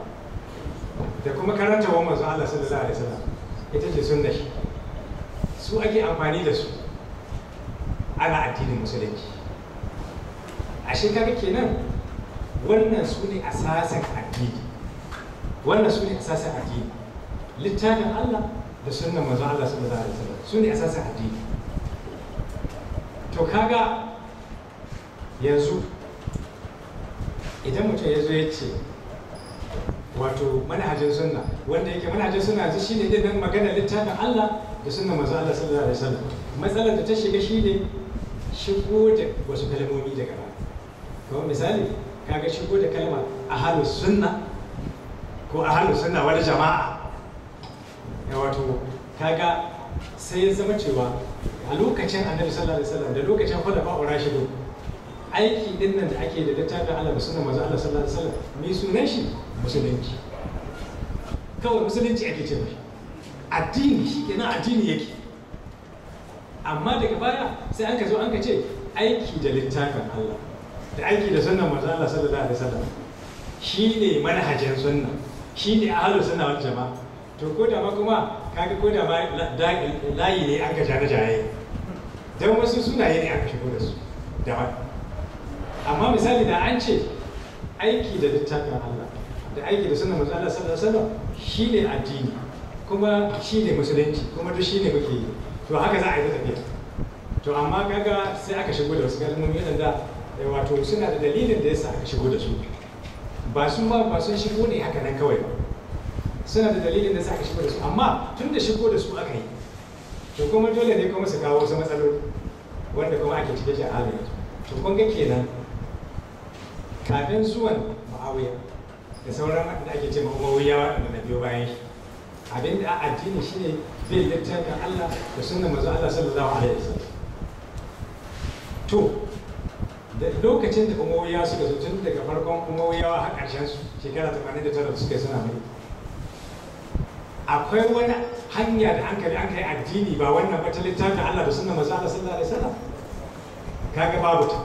da kuma karanta wa manzo Allah sallallahu alaihi wasallam ita ce sunna shi su ake amfani da su ana addinin musulunci A kaga kenan wannan su ne asasin addini wannan su ne asasin addini littafin Allah da sunan mazu Allah sallallahu alaihi wasallam su ne asasin addini to kaga yanzu idan mutum ya zo ya ce wato manhajin sunna wanda yake manhajin sunna yanzu shine din nan magana littafin Allah da sunan mazu Allah su sallallahu su wasallam matsalar da ta shiga ne shigo da wasu kalmomi daga baya kamar misali kaga shigo da kalma a halin sunna ko a halin sunna wani jama'a ya wato kaga sai ya zama cewa a lokacin annabi sallallahu alaihi wasallam da lokacin khulafa shigo aiki din nan da ake da littafin Allah da sunnar Allah sallallahu alaihi wasallam mai sunan shi musulunci kawai musulunci ake ce mai. addini shi kenan addini yake amma daga baya sai an ka zo an ka ce aiki da littafin Allah da aiki da sunnan manzo Allah sallallahu alaihi wasallam shine manhajin sunna shine ahlus sunna wal jamaa to ko da ma kuma kaga ko da ma layi ne an ka jaje jaye dan wasu sunaye ne aka shigo da su daban amma misali da an ce aiki da littafin Allah da aiki da sunnar manzo Allah sallallahu alaihi wasallam shine addini kuma shine musulunci kuma duk shine muke yi to haka za a yi tafiya to amma kaga sai aka shigo da wasu kalmomi da Eh, wato suna da dalilin da ya sa aka shigo da su ba sun ma ba sun shigo ne haka nan kawai ba suna da dalilin da sa aka shigo da su amma tun da shigo da su aka yi to kuma dole ne kuma su kawo wasu matsaloli wanda kuma ake cike shi a halin to kun ga kenan kafin zuwan ma'awiya da sauran da ake ce ma'awiyawa da na biyo bayan shi abin da addini shine bin littafin Allah da sunan mazu Allah sallallahu alaihi wasallam to lokacin da umawiya suka zo tun daga farkon umawiyawa har ƙarshen su shekara 89 suka suna mai akwai wani hanya da an kai an kai addini ba wannan wata littafin Allah da sunna manzo Allah sallallahu alaihi wasallam kaga babu ta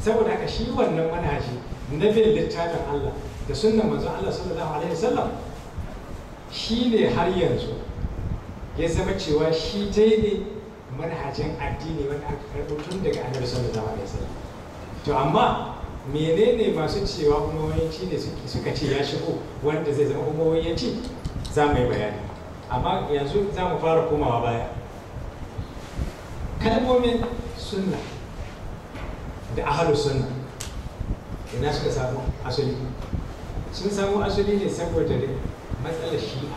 saboda haka shi wannan manhaji na bin littafin Allah da sunnan manzo Allah sallallahu alaihi wasallam ne har yanzu ya zama cewa shi yi ne manhajin addini wanda aka karɓo tun daga annabi sallallahu alaihi wasallam to amma menene masu cewa wayanci ne suka ce ya shigo wanda zai zama wayanci? za mu yi bayani amma yanzu za mu fara komawa baya kalmomin sunna da ahalu sunna ina suka samu asali sun samu asali ne saboda matsalar shi'a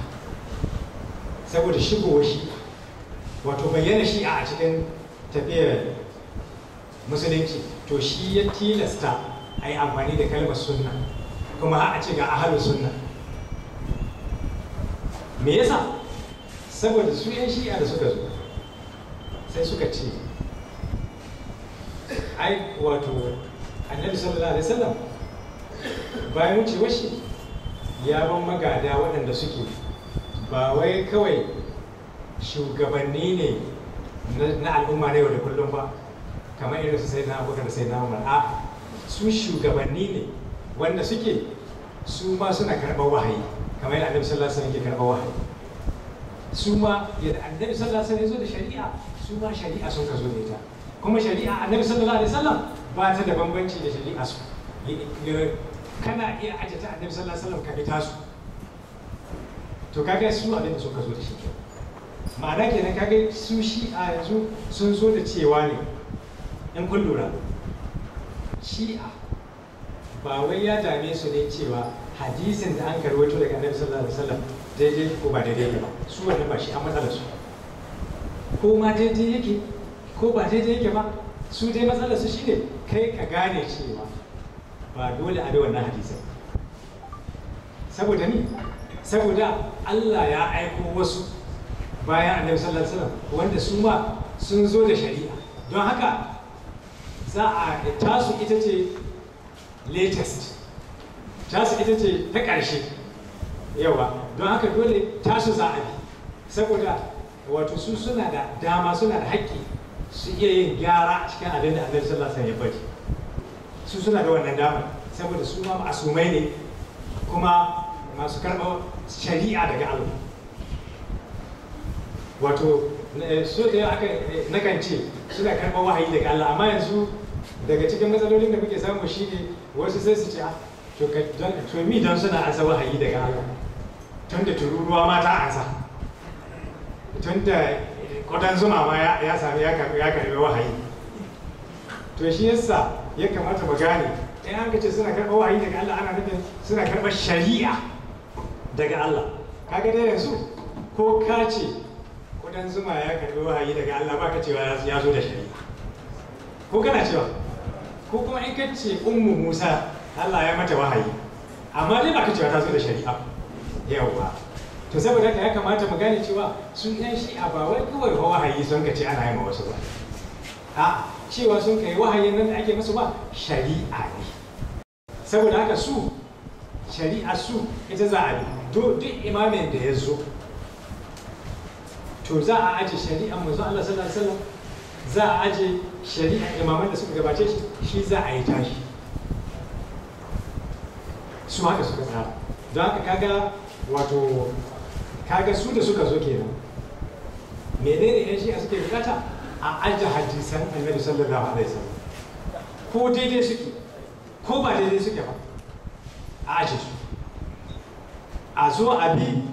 saboda shigowar shi'a wato bayyana shi'a a cikin tafiyar musulunci to shi ya tilasta a yi amfani da kalmar sunna kuma a ce ga ahalu sunna me yasa saboda su yan shi'a da suka zo sai suka ce ai wato annabi sallallahu alaihi wasallam bayan wuce shi ya ban magada waɗanda suke ba wai kawai shugabanni ne na al'umma na yau da kullum ba kamar irin su sai na abubakar da sai na umar a su shugabanni ne wanda suke su ma suna karɓar wahayi kamar yadda annabi sallallahu alaihi wasallam ke karɓar wahayi su ma yadda annabi sallallahu alaihi wasallam ya zo da shari'a su ma shari'a sun ka zo da ita kuma shari'a annabi sallallahu alaihi wasallam ba ta da bambanci da shari'a su kana iya aje ta annabi sallallahu alaihi wasallam ka ta su to kaga su abin da suka zo da shi ma'ana kenan kaga su shi a yanzu sun zo da cewa ne in kun lura shi'a ba wai ya dame su ne cewa hadisin da an karwato daga annabi sallallahu alaihi wasallam daidai ko ba daidai ba su wanda ba shi a matsalar su ko ma daidai yake ko ba daidai yake ba su dai matsalar su shine kai ka gane cewa ba dole a bi wannan hadisin saboda ni saboda Allah ya aiko wasu bayan annabi sallallahu alaihi wasallam wanda su ma sun zo da shari'a don haka za a tasu ita ce latest tasu ita ce ta ƙarshe yawa don haka dole tasu za a bi saboda wato su suna da dama suna da haƙƙi su iya yin gyara a cikin abin da annabi sallallahu alaihi wasallam ya bari su suna da wannan dama saboda su ma ma'asumai ne kuma masu karɓar shari'a daga Allah wato eh, su da aka eh, nakan ce suna karɓar wahayi daga Allah amma yanzu daga cikin matsalolin da muke samu shine wasu sai su ce ah, to mi don suna ansa wahayi daga Allah tun da tururuwa ma ta ansa tun da kudan zuma ma ya sami ya karbi wahayi to shi yasa ya kamata mu gane ɗaya an ce suna karɓa wahayi daga Allah ana nufin suna karɓar shari'a daga Allah kaga dai yanzu ko ka ce kudan zuma ya karɓi wahayi daga Allah ba ka cewa ya zo da shari'a ko kana cewa ko kuma in kace ummu musa allah ya mata wahayi amma dai ba cewa ta zo da shari'a yawa to saboda haka ya kamata mu gane cewa sun yan shi'a ba wai kawai ba wahayi sun kace ana yi ma wasu ba a cewa sun kai wahayin nan da ake masu ba shari'a ne saboda haka su shari'a su ita za a bi duk imamin da ya zo to za a aje shari'a zo Allah sallallahu alaihi wasallam za a aje shari'a imaman da suka gabace shi shi za a yi tashi su haka suka tsara don haka kaga wato kaga su da suka zo kenan menene yan shi'a suke bukata a aje hadisan annabi sallallahu alaihi wasallam ko daidai suke ko ba daidai suke ba a aje su a zo a bi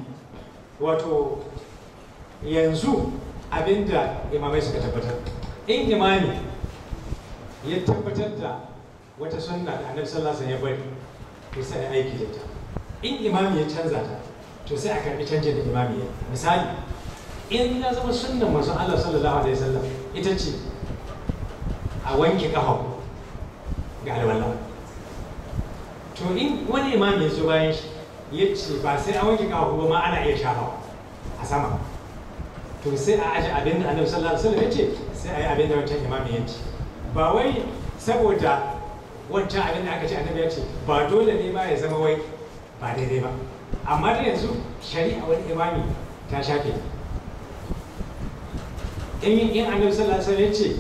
wato yanzu abinda imamai suka tabbatar in imani ya tabbatar da wata sunna da annabi sallallahu ya bari to sai a aiki da ta in imami ya canza ta to sai a karbi canjin da imami ya misali in ya zama sunnan masu Allah sallallahu alaihi wasallam ita ce a wanke kafa ga alwala to in wani imami ya zo bayan shi ya ce ba sai a wanke kafa ba ma ana iya shafa a sama to sai a aje abin da annabi sallallahu alaihi wasallam ya ce sai a yi abin da wancan imami ya ce ba wai saboda wancan abin da aka ce annabi ya ce ba dole ne ma ya zama wai ba daidai ba amma da yanzu shari'a wani imami ta shafe in in annabi sallallahu alaihi wasallam ya ce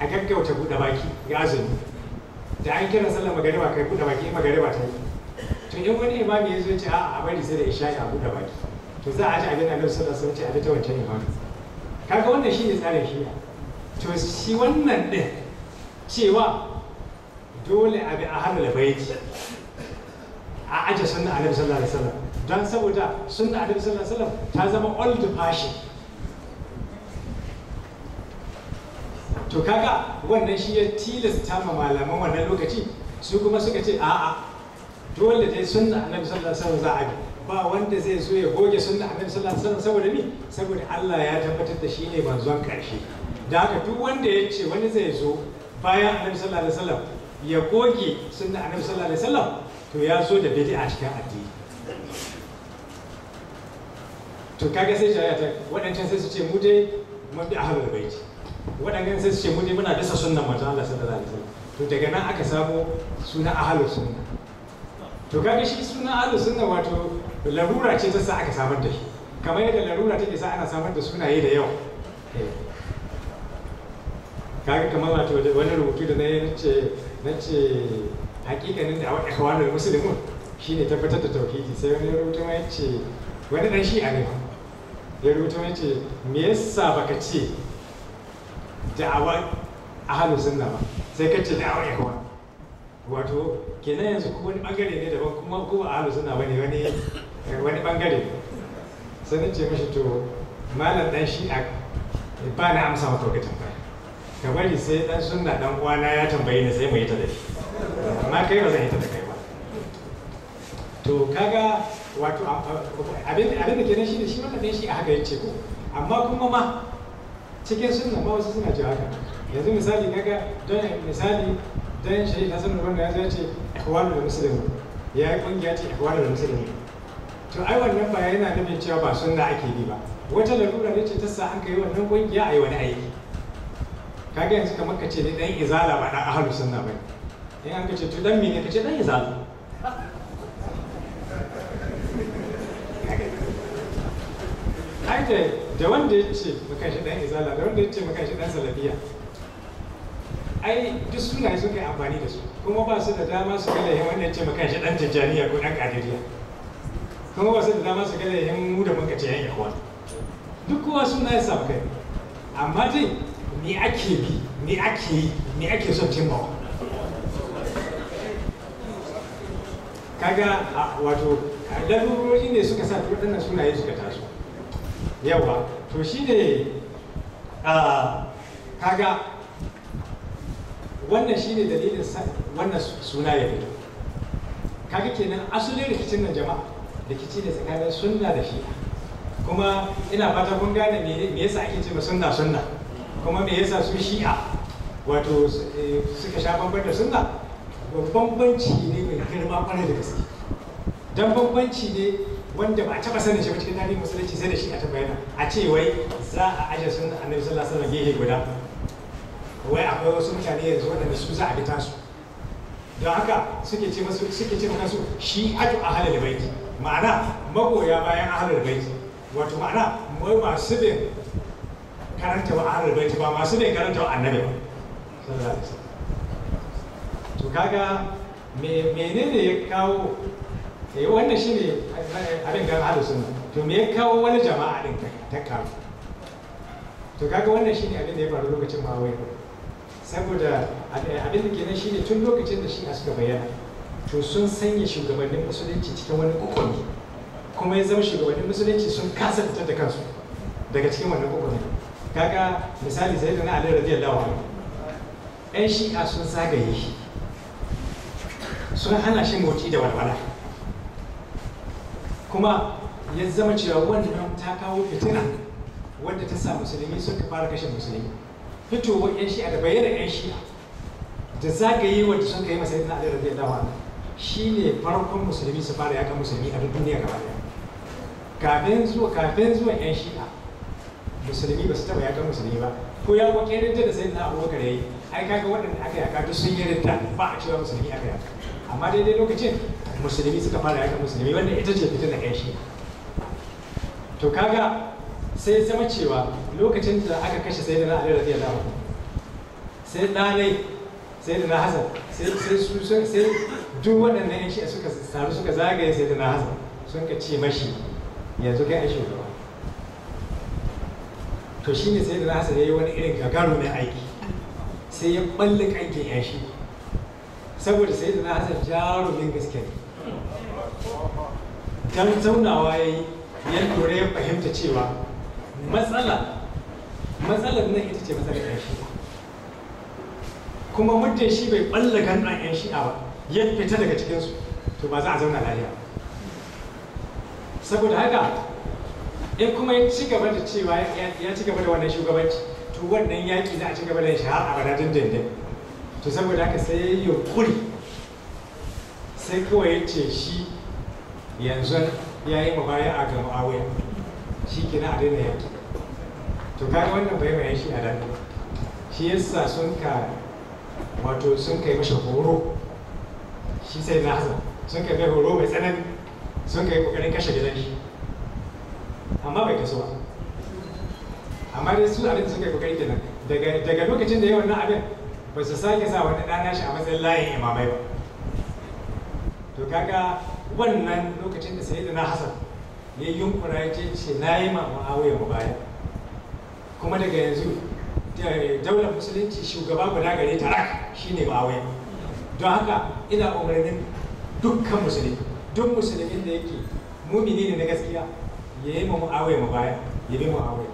a gaggauta buɗe baki ya azumi da an kira sallar magariba kai buɗe baki in magariba ta yi to in wani imami ya zo ce a a bari sai da isha'i a buɗe baki to za a ji abin annabi sallallahu alaihi wasallam ce a ta wancan imami kaga wannan ne tsarin shiya to shi wannan ɗin cewa dole abi a harar baiti a aje sunna annabi sallallahu alaihi wasallam dan saboda sunna annabi sallallahu alaihi ta zama old fashion to kaga wannan shi ya tilasta ma malaman wannan lokaci su kuma suka ce a'a dole dai sunna annabi sallallahu alaihi wasallam za a bi ba wanda zai zo ya goge sunna annabi sallallahu alaihi wasallam saboda ni saboda Allah ya tabbatar da shi ne manzon karshe da haka duk wanda ya ce wani zai zo bayan annabi sallallahu alaihi wasallam ya goge sunna annabi sallallahu alaihi wasallam to ya zo da bid'a cikin addini to kaga sai shari'a ta waɗancan sai su ce mu dai mun bi ahlul bait waɗannan sai su ce mu dai muna bisa sunnan manzon Allah sallallahu alaihi wasallam to daga nan aka samo suna ahlus sunna to kaga shi suna ahlus sunna wato larura ce ta sa aka samar da shi kamar yadda larura take sa ana samar da sunaye da yawa kaga kamar wato wani rubutu da na yi nace ce hakikanin da awar ikhwanul muslimun shine tabbatar da tauhidi sai wani rubutu ma yace wani dan a ne ya rubuta mai ce me yasa baka ce da'awa ahlus sunna ba sai ka ce da'awa ikhwan wato kenan yanzu ko wani bangare ne daban kuma ko ahlus sunna bane wani Eh, wani bangare sai na ce mashi to malam dan shi a eh, ba na amsa maka wata tambaya ka bari sai dan sunna dan uwana ya tambaye ni sai mu yi ta da shi amma kai ba zan yi ta da kai ba to kaga wato abin da kenan shi ne shi wannan dan shi a haka yace ko amma kuma ma cikin sunna ba wasu suna cewa haka yanzu misali kaga don misali don shi hasan ruwan da ya ce ikhwanu da musulmi ya yi kungiya ce ikhwanu da musulmi. to ai wannan ba yana nufin cewa ba sunna ake bi ba wata larura ne ce ta sa aka yi wannan kungiya a yi wani aiki kaga yanzu kamar ka ce ni dan izala ba dan ahlus sunna ba in an kace ce to dan mene ka ce dan izala ai da da wanda ya ce maka shi dan izala da wanda ya ce maka shi dan salafiya ai duk sunaye suka yi amfani da su kuma ba su da dama su ga da wannan ce maka shi dan tijjaniya ko dan kadiriya kuma wasu da dama su da yan mu da muka ce yan yawa duk kowa suna ya samu kai amma dai ni ake bi ni ake yi ni ake son cimmawa kaga wato larurori ne suka sa waɗannan sunaye suka taso yawa to shi ne kaga wannan shi ne dalilin wannan suna ya kaga kenan asalin rikicin nan jama'a rikici ne tsakanin sunna da shi'a kuma ina fata kun gane me yasa ake ce sunna sunna kuma me yasa su shi'a wato eh, suka sha bambanci da sunna bambanci ne mai girma kwarai da gaske dan bambanci ne wanda ba a taba sanin shi ba cikin tarihin musulunci sai da shi a ta bayyana a ce wai za a aje sunna annabi sallallahu alaihi wasallam gehe guda wai akwai wasu mutane yanzu waɗanda su za a bi tasu don haka suke ce masu suke ce masu shi'atu aju ahlul baiti ma'ana magoya bayan ahlul bait wato ma'ana mai masu bin karanta wa ahlul bait ba masu bin karanta wa annabi ba to kaga menene ya kawo eh wannan shine abin ga ahlus sunna to me ya kawo wani jama'a din ta kawo to kaga wannan shine abin da ya faru lokacin mawai saboda abin da kenan shine tun lokacin da shi suka bayyana to sun sanya shugabannin musulunci cikin wani kokon kuma ya zama shugabannin musulunci sun kasa fitar da kansu daga cikin wannan kokon kaga misali sai da na ali radiyallahu anhu yan shi'a sun zagaye shi sun hana shi motsi da walwala kuma ya zama cewa wannan ta kawo fitina wadda ta sa musulmi suka fara kashe musulmi fitowar yan shi'a da bayyana yan shi'a da zagaye wadda suka yi masa yadda na ali radiyallahu anhu Shi ne farkon musulmi su fara yakan musulmi a duk duniya gaba daya kafin zuwa kafin zuwa yan shi'a musulmi ba su taba yakan musulmi ba ko ya kuma kenan da sai na kare yi. ai kaga waɗanda aka yaka duk sun yi rinta ba a cewa musulmi aka yaka amma daidai lokacin musulmi suka fara yakan musulmi wanda ita ce fitina yan shi'a to kaga sai zama cewa lokacin da aka kashe sai da na ali radiyallahu sai ɗanai sai da na hasan sai su sai duk waɗannan yan shi'a suka taru suka zagaye sai da na hasan sun ka ce mashi yanzu kai ai shugaba to shine sai da na hasan ya yi wani irin gagarumin aiki sai ya balle kankin yan shi saboda sai da na hasan jarumin gaske ne dan zaunawa ya yi ya lura ya fahimta cewa matsala matsalar nan ita ce matsalar yan shi'a kuma muddin shi bai balle kan ɗan 'yan shi'a ba ya fita daga cikinsu to ba za a zauna lafiya saboda haka ya kuma ya ci gaba da cewa ya ci gaba da wannan shugabanci to wannan yaƙi za a ci gaba da shi har abada dindindin to saboda haka sai ya yi yunkuri sai kawai ya ce shi yanzu ya yi mabaya a ga ma'awuya shi kina a daina yaƙi to kaga wannan bai mai shi a dan shi yasa sun ka wato sun kai mashi horo shi sai na hasan sun kai mai horo mai tsanani sun kai kokarin kashe gidan shi amma bai kaso ba amma dai su abin sun kai kokari kenan daga lokacin da yawan na abin ba su sake sa wani ɗana shi a matsayin layin imamai ba to kaga wannan lokacin da sai na hasan ya yunkura ya ce na yi ma ma'awuyar mu baya kuma daga yanzu daular musulunci shugaba guda gare ta rak shine ma'awai don haka ina umarnin dukkan musulmi duk musulmin da yake mumini ne na gaskiya ya yi mu ma'awai mu baya ya bi ma'awai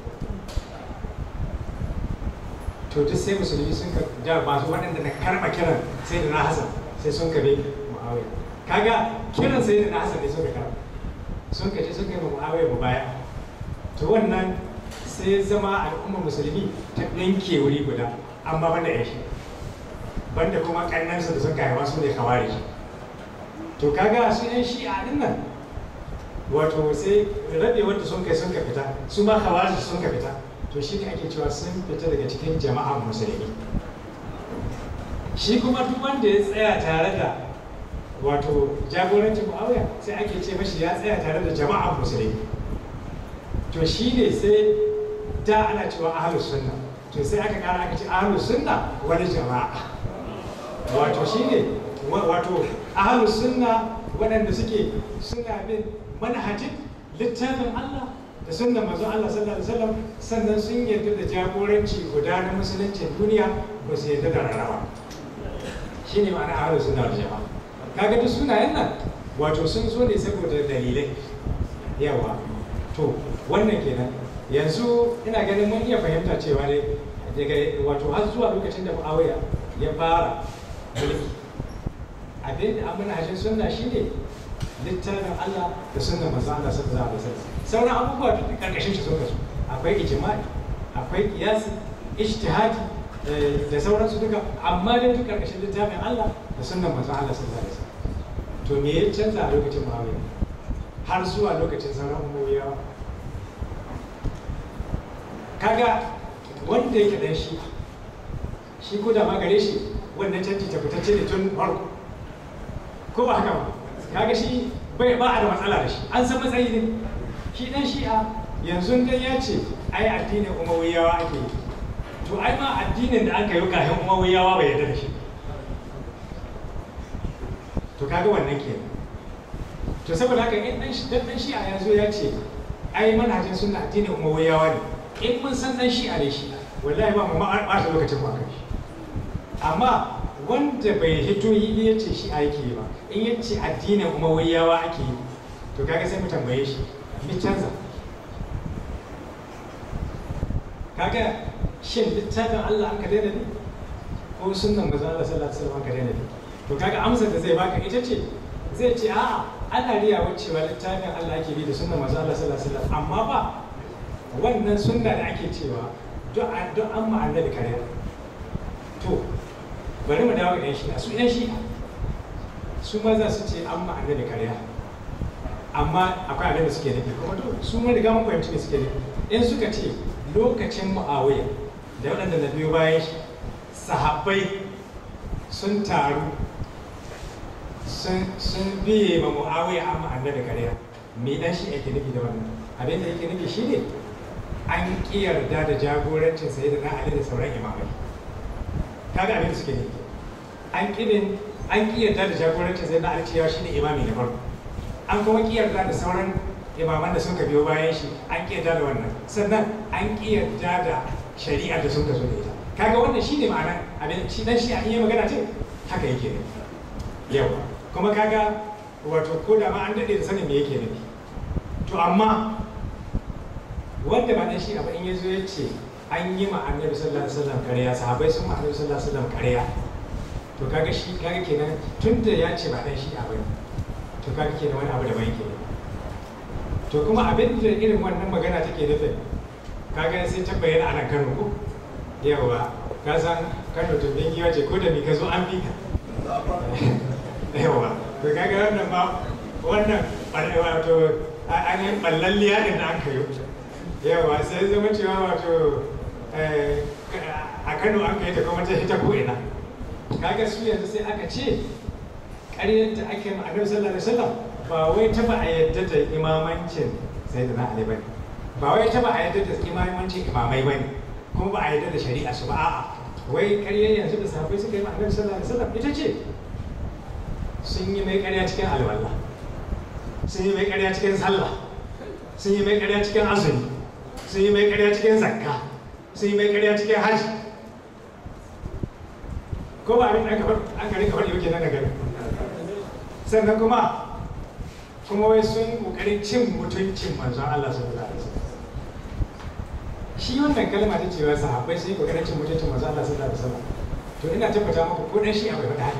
to duk sai musulmi sun ka da masu waɗanda na karɓa kiran sai da na hasan sai sun ka bi ma'awai kaga kiran sai da na hasan ne suka karɓa sun ka ce sun kai ma'awai mu baya to wannan sai zama al'ummar musulmi ta ɗanke wuri guda amma banda ya banda kuma ƙannansa da suka haifa su ne kawari to kaga su yan shi a nan wato sai rabe wanda sun kai sun ka fita su ma kawari sun ka fita to shi ne ake cewa sun fita daga cikin jama'a musulmi shi kuma duk wanda ya tsaya tare da wato jagorancin mu'awiya sai ake ce mashi ya tsaya tare da jama'a musulmi to shi ne sai da ana cewa ahlus sunna to sai aka kara aka ce ahlus sunna wani jama'a wato shine wato ahlus sunna waɗanda suke suna bin manhajin littafin Allah da sunna manzo Allah sallallahu alaihi wasallam sannan sun yarda da jagoranci guda na musuluncin duniya ba su yarda da rarrawa shine ma'ana ahlus sunna wal jama'a kaga duk sunayen nan wato sun zo ne saboda dalilai yawa to wannan kenan yanzu ina ganin mun iya fahimta cewa ne daga wato har zuwa lokacin da mu'awiya ya fara mulki abin da amina hashin sunna ne littafin Allah da sunnar masu Allah za a wasallam sauran abubuwa duk karkashin shi sun kasu akwai ijima'i, akwai kiyasi ijtihadi eh, da sauransu duka amma dai duk karkashin littafin Allah da sunnar masu Allah za a wasallam to me ya canza a lokacin muawiya har zuwa lokacin sauran umuriyawa kaga wanda yake da shi shi ko da ma gare shi wannan canji fitacce ne tun farko ko ba haka ba kaga shi bai ba a da matsala da shi an san matsayi ne shi dan a, yanzu dan ya ce ai addinin umawiyawa ake yi to ai ma addinin da aka yi kafin umawiyawa bai yarda da shi to kaga wannan ke to saboda haka in dan a yanzu ya ce ai manhajin sunna addinin umawiyawa ne in mun san dan shi'a da shi wallahi ba mu ma'arɓata lokacin ba kai amma wanda bai hito yi ya ce shi aiki ba in ya ce addinin umawiyawa ake yi to kaga sai mu tambaye shi mu canza kaga shin littafin Allah an ka daina ne ko sunnan manzo Allah sallallahu alaihi wasallam an ka daina ne to kaga amsar da zai baka ita ce zai ce a'a ana riya wucewa littafin Allah ake bi da sunnan manzo Allah sallallahu alaihi wasallam amma ba wannan sunna da ake cewa don an ma da kare to bari mu dawo ga yan shi'a su yan shi su ma za su ce an ma da kare amma akwai abin da suke nufi kuma to su mun riga mun fahimci ne suke nufi in suka ce lokacin mu'awiya da waɗanda na biyo bayan shi sahabbai sun taru sun biye ma mu'awiya amma da kare me dan shi ake nufi da wannan abin da yake nufi ne an ƙi yarda da jagorancin sai da na ali da sauran imamai kaga abin da suke yi an ne an ƙi yarda da jagorancin sai na ali cewa shine imami na farko an kuma ƙi yarda da sauran imaman da suka biyo bayan shi an ƙi yarda da wannan sannan an ƙi yarda da shari'ar da suka zo da ita kaga wannan shine ma'ana abin shi dan shi an yi magana ce haka yake ne yawa kuma kaga wato ko da ma an daɗe da sanin me yake nufi to amma wanda ba dan shi ba in yazo ya ce an yi ma annabi sallallahu alaihi wasallam kariya sahabbai sun ma annabi sallallahu alaihi kariya to kaga shi kaga kenan tunda ya ce ba dan shi ba to kaga kenan wani abu da bai kenan to kuma abin da irin wannan magana take nufin kaga sai ta bayyana ana Kano ko yawa ka san Kano to bin giwa ko da ka zo an bi ka yawa to kaga wannan ba wannan wato yi ballalliya da aka yi yawa sai zama cewa wato eh, a kano an kai ta kuma ta hita ko'ina kaga su yanzu sai aka ce ƙaryar da ake ma annabi sallallahu sallar ba wai ta ba a yadda da imamancin sai da na ali bane ba wai ta ba a yadda da imamancin imamai bane kuma ba a yadda da shari'a su ba a'a wai ƙaryar yanzu da sahabbai suka yi ma annabi sallar alaihi ita ce sun yi mai ƙarya cikin alwala sun yi mai ƙarya cikin sallah sun yi mai ƙarya cikin azumi sun yi mai cikin zakka sun yi mai cikin hajji ko ba abin da aka rika faɗi yake na daga sannan kuma kuma wai sun kokarin cin mutuncin manzon Allah sallallahu alaihi shi wannan kalma ta cewa sahabbai sun yi kokarin cin mutuncin manzon Allah sallallahu alaihi wasallam to ina tabbata maku ko dan shi'a bai faɗa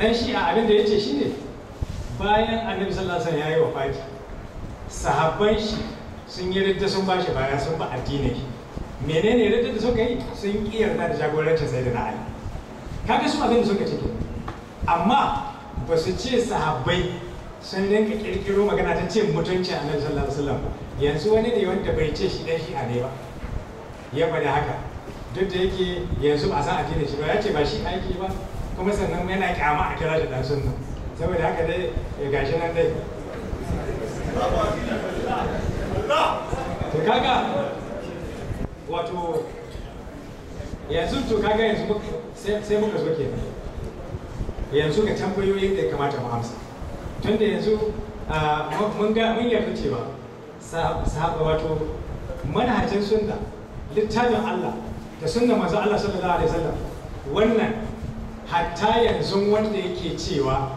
dan shi'a abin da yace shine bayan annabi sallallahu alaihi yi wa wafati sahabban shi sun yi ridda sun bashi baya sun ba addini menene ridda da suka yi sun yi yarda da jagorancin sai da na ali kaga su abin da suka ciki? amma ba su ce sahabbai sun dinka kirkiro magana ta ce mutunci nan sallallahu alaihi wasallam yanzu wani ne wanda bai ce shi dan a ne ba ya bada haka duk da yake yanzu ba san addini shi ba ya ce ba shi aiki ba kuma sannan yana kyama a kira da dan sunna saboda haka dai gashi nan dai to kaga wato yanzu to kaga yanzu sai muka zo kenan yanzu ga tambayoyin da ya kamata mu amsa tunda yanzu mun ga mun yarda cewa sahaba wato manhajin sunna littafin Allah da sunna manzo Allah sallallahu alaihi wasallam wannan hatta yanzu wanda yake cewa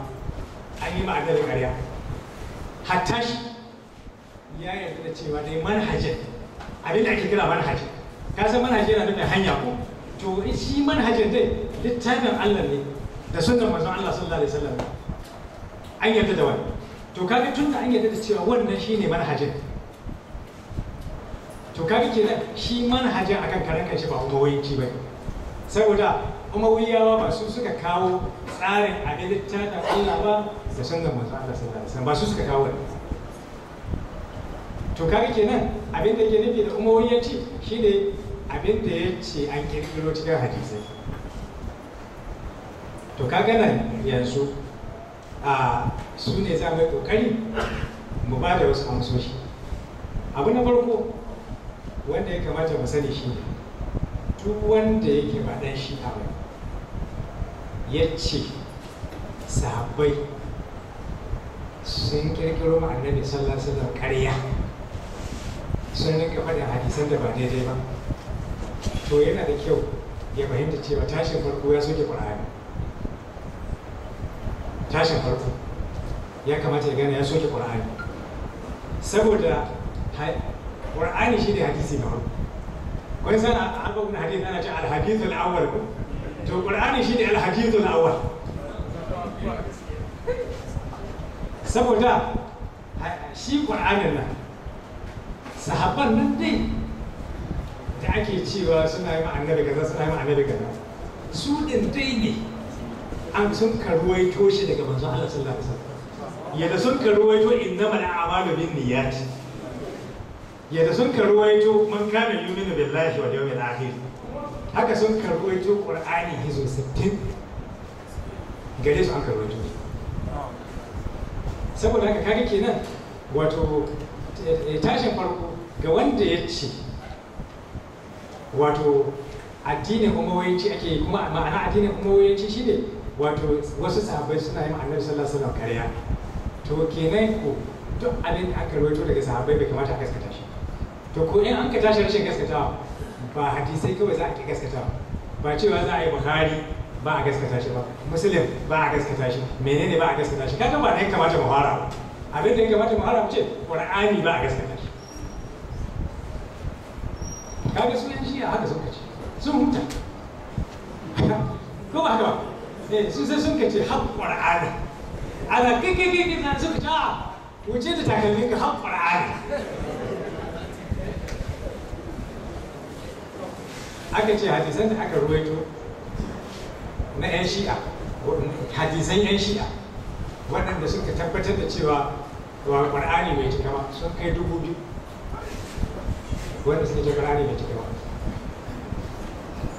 an yi ma'anar ƙarya hatta shi ya yarda da cewa dai manhajin abin da ake kira manhajin ka san manhajin yana nufin hanya ko to shi manhajin dai littafin Allah ne da sunnar manzon Allah sallallahu alaihi wasallam an yarda da wani to kaga tunda an yarda da cewa wannan shine manhajin to kaga kenan shi manhajin akan karan kanshi ba umawiyanci bai saboda umawiyawa ba su suka kawo tsarin a littafin Allah ba da sunnar manzon Allah sallallahu alaihi wasallam ba su suka kawo wannan to kaga kenan abin da ke nufi da umawi ya ce shi ne abin da ya ce an kirkiro cikin hadisai to kaga nan yanzu a su ne za mu kokari mu ba da wasu amsoshi abu na farko wanda ya kamata mu sani shi ne duk wanda yake ba dan shi wani, ya ce sahabbai sun kirkiro ma'anar da alaihi wasallam karya. sun rinka faɗin hadisan da ba daidai ba to yana da kyau ya fahimta cewa tashin farko ya soke ƙur'ani tashin farko ya kamata ya gane ya soke ƙur'ani saboda ƙur'ani shi ne hadisi na farko wani san an abubuwan hadisi ana ce alhadithu al ku to ƙur'ani shi ne alhadithu al saboda shi ƙur'anin nan sahabban nan dai da ake cewa suna yi da kaza suna yi da kaza su din dai ne an sun karuwai toshi daga manzo Allah sallallahu alaihi wasallam yadda sun karuwai to innamal a'malu bin niyyat yadda sun karuwai to man kana yuminu billahi wal yawmil akhir haka sun karuwai to qur'ani hizo 60 gare su an karuwai to saboda haka kaga kenan wato Eh, tashin farko ga wanda ya ce wato addinin umawiyanci ake kuma ma'ana addinin umawiyanci shine wato wasu sahabbai suna yi ma'anar sallah alaihi wasallam kariya to kenan ko duk abin da aka rawaito daga sahabbai bai kamata a gaskata shi to ko in an ka tashi rashin gaskatawa ba hadisai kawai za a ki gaskatawa ba cewa za a yi buhari ba a gaskata shi ba muslim ba a gaskata shi menene ba a gaskata shi kaga ba ne kamata mu fara ba abin da ya kamata mu ce qur'ani ba a gaskata shi kaga su yan shiya haka suka ce sun huta ko ba haka ba eh, su sai sun kace har qur'ani ana kai kai kai na suka ce ah, wuce da takalmin ka har qur'ani aka ce hadisan da aka ruwaito na yan shi'a hadisan yan shi'a waɗanda suka tabbatar da cewa to a ƙwar'ani bai sun kai dubu biyu wanda suke ce ƙwar'ani bai cika ba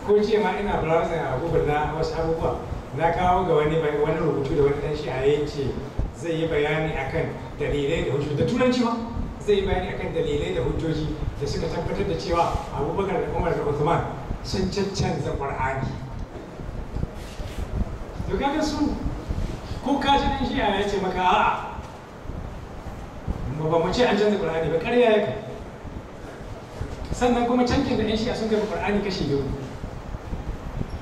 ko ce ma ina browsing a google na wasu abubuwa na kawo ga wani wani rubutu da wani dan shi zai yi bayani akan dalilai da hujjoji da turanci ma zai bayani akan dalilai da hujjoji da suka tabbatar da cewa abubakar da umar da uthman sun caccanza qur'ani to su kuka ka ji dan ya maka ba ba mu ce an canza qur'ani ba ƙarya ya kai sannan kuma canjin da 'yan shi'a sun kai ƙur'ani kashi biyu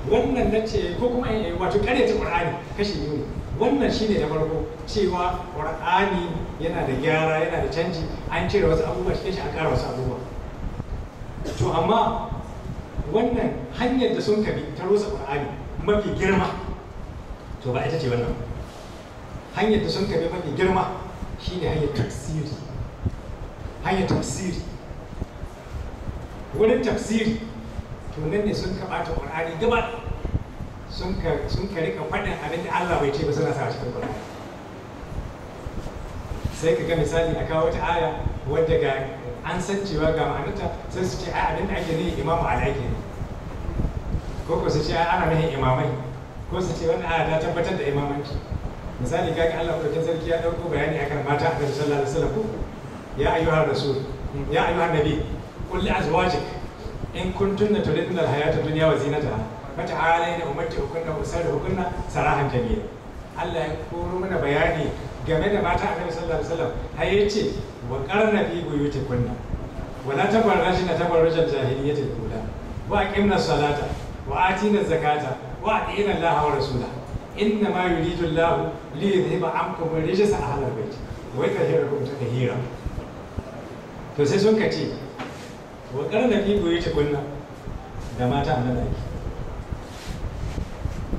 wannan na ce ko kuma eh, eh, wato ta ƙur'ani kashi biyu ne wannan shine na farko cewa ƙur'ani yana da gyara yana da canji an cire wasu abubuwa cikin shi a ƙara wasu abubuwa to amma wannan hanyar da sun kabi ta rusa ƙur'ani mafi girma to ba ita ce wannan hanyar da sun kabi mafi girma shine hanyar tafsiri hanyar tafsiri wurin tafsiri to nan ne sun kaɓata ƙwarari gaba sun ka rika faɗin abin da Allah bai ce ba suna sa a cikin ƙwarari sai ka ga misali a kawo wata aya wadda ga an san cewa ga ma'anarta sai su ce ai abin da ake nihin imamu ala ne ko ko su ce ai ana nihin imamai ko su ce wani aya ta tabbatar da imamanci misali ga Allah ta sarki ya ɗauko bayani akan mata a kan sallallahu alaihi wasallam ya ayyuhar rasul ya ayyuhar nabi qul li azwajik in kuntunna turidna al-hayata dunya wa zinataha ummati hukunna wa hukunna sarahan jamila Allah ya koro mana bayani game da mata a kan sallallahu alaihi wasallam har yace wa qarna fi buyutikunna wa la tabarrajna tabarrujal jahiliyyati al-ula wa aqimna salata wa atina zakata wa atina Allah wa rasulahu inna ma yuridu Allah li yuzhiba ankum rijsa ahli al-bayt wa yutahhirakum tatheera to sai sun kace wa karna fi ta kunna da mata annabi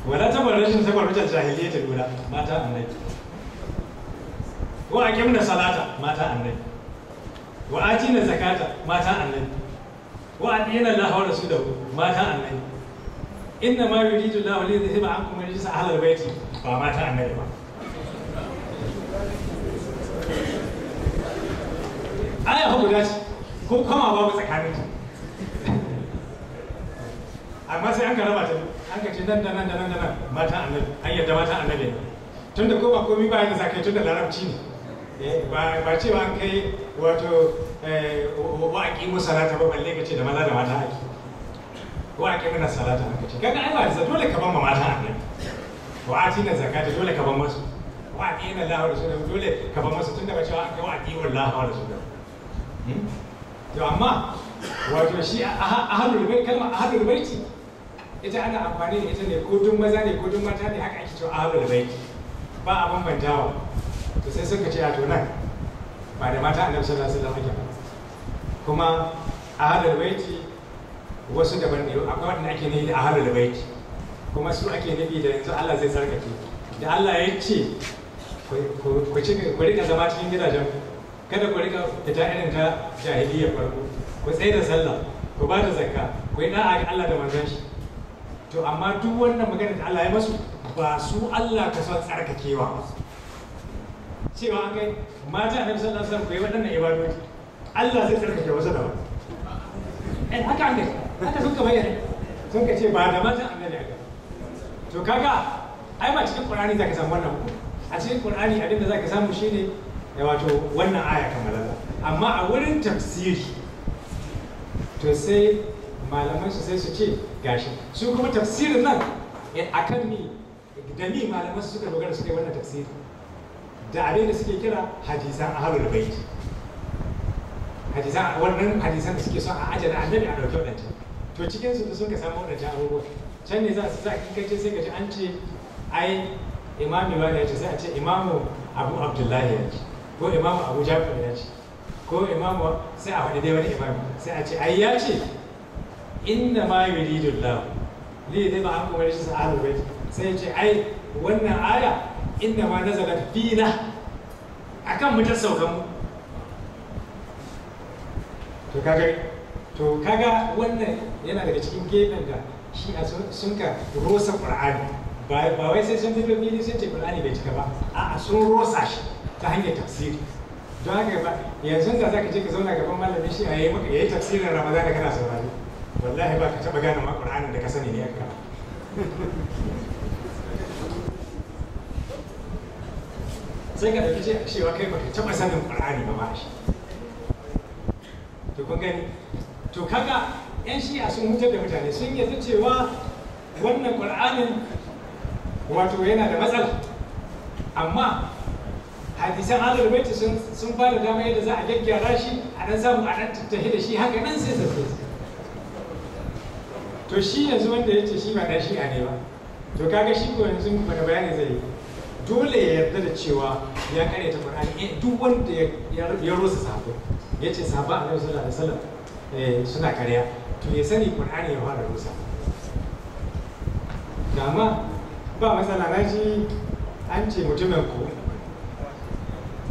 wala tabarrajin tabarrujan ta dula mata annabi wa aqimna salata mata annabi wa zakata mata annabi wa atina Allah rasulahu mata annabi inna ma yuridu Allahu li kuma ankum rijsa ahlal baiti ba ma ta annabi ba aya ku guda ce ko kama babu tsakanin ta amma sai an ka raba ta an ka ce nan da nan da nan da nan mata annabi an yadda mata annabi tun da ko ba komi ba yana zakai tun da larabci ne ba cewa an kai wato wa aqimu salata ba balle ka ce da maza da mata haƙi ko a kai mana salata haka ce kaga ai ba dole ka ban ma mata annabi to a tina zakata dole ka ban masu Ko atina Allah wa rasulahu dole ka ban masu tunda ba cewa ka wa atina Allah wa rasulahu hmm? to amma wato shi ahlul bait kalma ahlul bait ita ana amfani da ita ne ko dun maza ne ko dun mata ne haka ake cewa ahlul bait ba a bambantawa to sai suka ce a to nan ba da mata annabi sallallahu alaihi wasallam ba kuma ahlul bait wasu daban ne akwai wanda ake nufi da ahlul baiti kuma su ake nufi da yanzu Allah zai sarkake da Allah ya ce ku ci ku rika zama cikin gidajen kada ku rika fita irin ta jahiliya farko ku tsaye da sallah ku ba da zakka ku yi da'a ga Allah da manzon shi to amma duk wannan magana da Allah ya masu ba su Allah ka son tsarkakewa cewa an kai mata annabi sallallahu alaihi wasallam ku yi waɗannan ibadoji Allah zai tsarkake wasu da wasu eh haka ne. haka sun ka bayyana sun ka ce ba da manzan annabi ga to kaga ai ba cikin qur'ani zaka samu wannan ku a cikin qur'ani abin da zaka samu shine ya eh, wato wannan aya kamalala amma a wurin tafsiri to sai malaman su sai su ce gashi su kuma tafsirin nan eh, akan ni da ni malaman su suka dogara su kai wannan tafsiri da abin da suke kira hadisan ahlul bait hadisan wannan hadisan da suke son a ajana annabi a dauke wadancan to cikin su suka samu da abubuwa can ne za su za ka ce sai ka ji an ce ai imami wani ya ce sai a ce imamu abu abdullahi ya ce ko imamu abu jafar ya ce ko imamu sai a faɗi dai wani imami sai a ce ai ya ce inna ma yuridullah li dai ba an kuma shi sa'a bai sai ya ce ai wannan aya inna ma nazala fina akan mu ta saukan mu to kaga to kaga wannan yana daga cikin gefen da shi a sun ka rosa ƙur'ani? ba wai sai sun fito fili sun ce ƙur'ani bai cika ba a'a sun rosa shi ta hanyar tafsiri don haka ba yanzu da zaka je ka zauna gaban malamin shi a yayi maka yayi tafsirin ramadan da kana saurari wallahi ba ka taba gane ma ƙur'ani da ka sani ne aka sai ka dauki cewa kai baka taba sanin ƙur'ani ba ma shi to kun gani to kaga yan shi'a sun hutar da mutane sun yi cewa wannan qur'anin wato yana da matsala amma hadisan hadar baiti sun ba da dama yadda za a gyaggyara shi a nan samu a dan tattahi da shi haka nan sai zafi to shi yanzu wanda ya ce shi ba dan shi'a ne ba to kaga shi ko yanzu da bayani zai yi dole ya yarda da cewa ya karyata Qur'ani eh, duk wanda ya rusa sabo yace sahaba Annabi sallallahu alaihi wasallam Eh, suna karya to ya sani qur'ani ya fara rusa Da ma ba matsala na ji an ce mutumin ku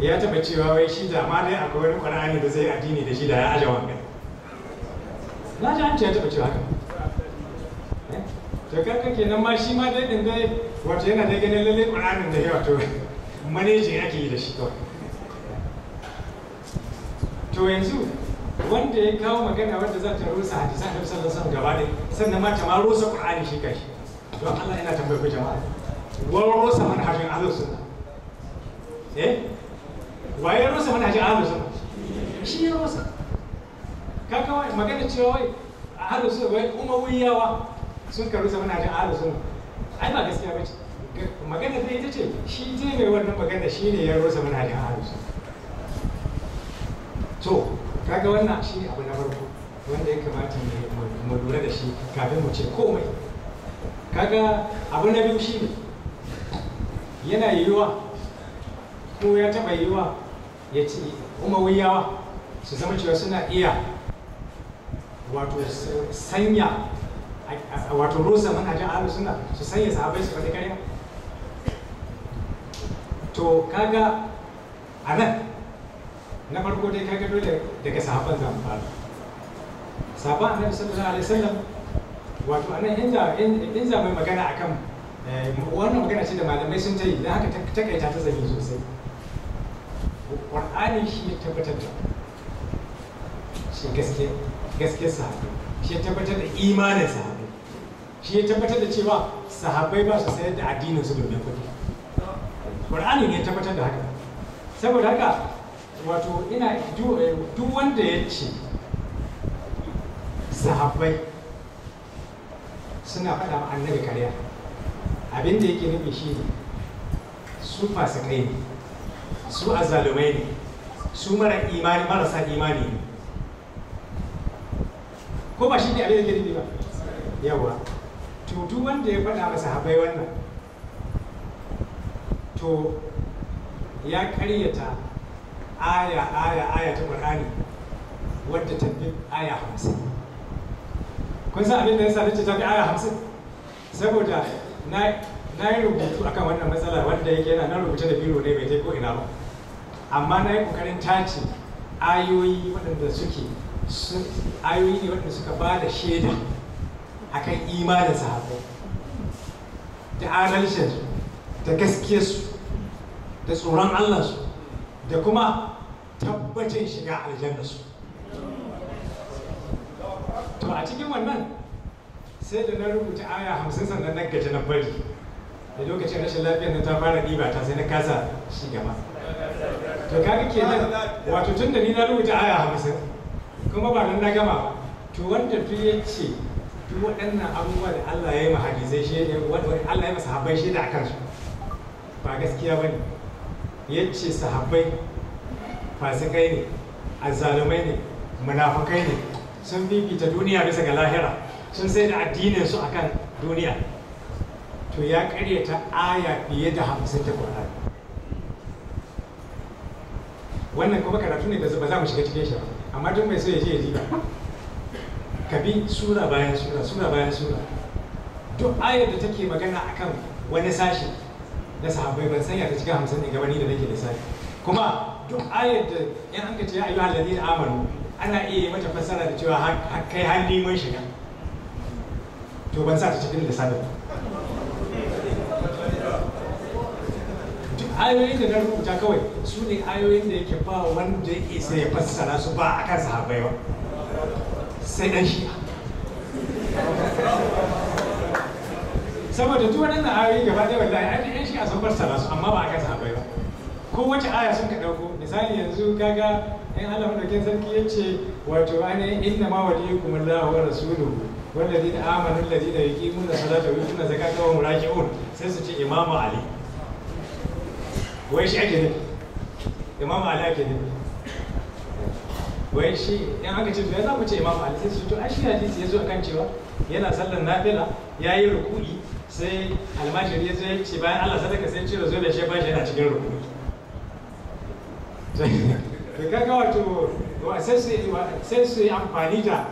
ya taba cewa wai shi da ma dai akwai wani qur'ani da zai addini da shi da ya aje wanga na ji an ce ya taba cewa haka eh, to karka kenan ma shi ma dai din dai wato yana da ganin lalle qur'anin da ya wato manejin ake yi da shi kawai to yanzu wanda ya kawo magana wanda za ta rusa hadisa ta sallallahu alaihi gaba ne sannan ma ta ma rusa qur'ani shi kai don Allah yana tambayar ku jama'a wa rusa manhajin ahlus sunna eh wa ya rusa manhajin ahlus sunna shi ya rusa Ka kawo magana cewa wai ahlus sunna wai wuyawa sun ka rusa manhajin ahlus sunna ai ba gaskiya ba ce. magana ta ita ce shi je mai wannan magana shi ne ya rusa manhajin ahlus sunna to kaga wannan shi abu na farko wanda ya kamata mu lura da shi kafin mu ce komai kaga abu na biyu shi ne yana yiwuwa ko ya taɓa yiwuwa ya ci umawiyawa su zama cewa suna iya wato sanya wato rusa manhajin ahlus suna su sanya sahabai su faɗi karya to kaga a nan na farko dai kaga dole daga sahaban zan fara sahaban annabi sallallahu alaihi wasallam wato anan inda in mai magana akan eh, wannan magana ce da malamai sun tayi, yi haka ta takaita ta zane sosai Al-Qur'ani shi ya tabbatar da shi gaske gaske sahabi shi ya tabbatar da imanin sahabi shi ya tabbatar da cewa sahabai ba su sayar da addinin su domin kuɗi ƙwar'ani ne ya tabbatar da haka saboda haka wato ina eh, duk wanda ya ce sahabbai suna faɗa annabi kariya. Abinda yake nufi shi ne su kai ne su azalumai ne su mara imani marasa imani ne ko ba shi ne abin da yake nufi ba yawa to duk wanda ya faɗa masa habai wannan to ya karyata aya aya aya ta qur'ani wadda ta fi aya 50 kun san abin da yasa nace ta fi aya 50 saboda na yi rubutu akan wannan matsalar wanda yake yana na rubuce da biro ne bai je ko ina ba amma na yi kokarin tace ayoyi waɗanda suke ayoyi ne waɗanda suka ba da shaida akan imanin sahabbai da adalcin da gaskiyarsu da tsoron Allah su da kuma tabbacin shiga aljanna su to a cikin wannan sai da na rubuta aya hamsin sannan na gaji na bari da lokacin rashin lafiyar na ta fara ɗiba ta sai na kasa shi gaba to kaga nan wato tun da ni na rubuta aya hamsin kuma ba nan na gama to wanda fi ya ce duk waɗannan abubuwa da Allah ya yi ma hadisai shi ne wanda Allah ya masa habai shi da akan su ba gaskiya ba ne. ya ce sahabbai fasikai ne azzalumai ne munafukai ne sun fifita duniya bisa ga lahira sun sai da addinin su akan duniya to ya karyata aya fiye da hamsin ta kwanar wannan kuma karatu ne da ba za mu shiga cikin shi ba amma duk mai so ya je ya ji ba ka bi sura bayan sura sura bayan sura duk ayar da take magana akan wani sashi na sahabbai ban sanya ta cikin hamsin ɗin gabani da nake lissafi kuma duk ayat da in an ce ya ayyu allazi amanu ana iya yi mata fassara da cewa kai har neman shiga to ban sa ta cikin lissafin duk ayoyin da na rubuta kawai su ne ayoyin da yake ba wanda ya isa ya fassara su ba a kan sahabbai ba sai dan shi'a saboda duk na ayoyi gaba ɗaya wallahi an yan shi a sun fassara su amma ba a kan bai ba ko wace aya sun ka ɗauko misali yanzu kaga in Allah madaukakin sarki ya ce wato yi inna ma da Allah wa da والذين da الذين يقيمون zaka ويؤتون الزكاة وهم راجعون sai su ce imamu Ali wai shi ake nufi imamu Ali ake nufi wai shi in aka ce ya za mu ce imamu Ali sai su to ai shi hadisi ya zo kan cewa yana sallar nafila ya yi ruku'i sai almajiri ya zai ce bayan Allah sadaka sai cire zo da shi ba shi yana cikin rubu to kaga wato sai su yi amfani da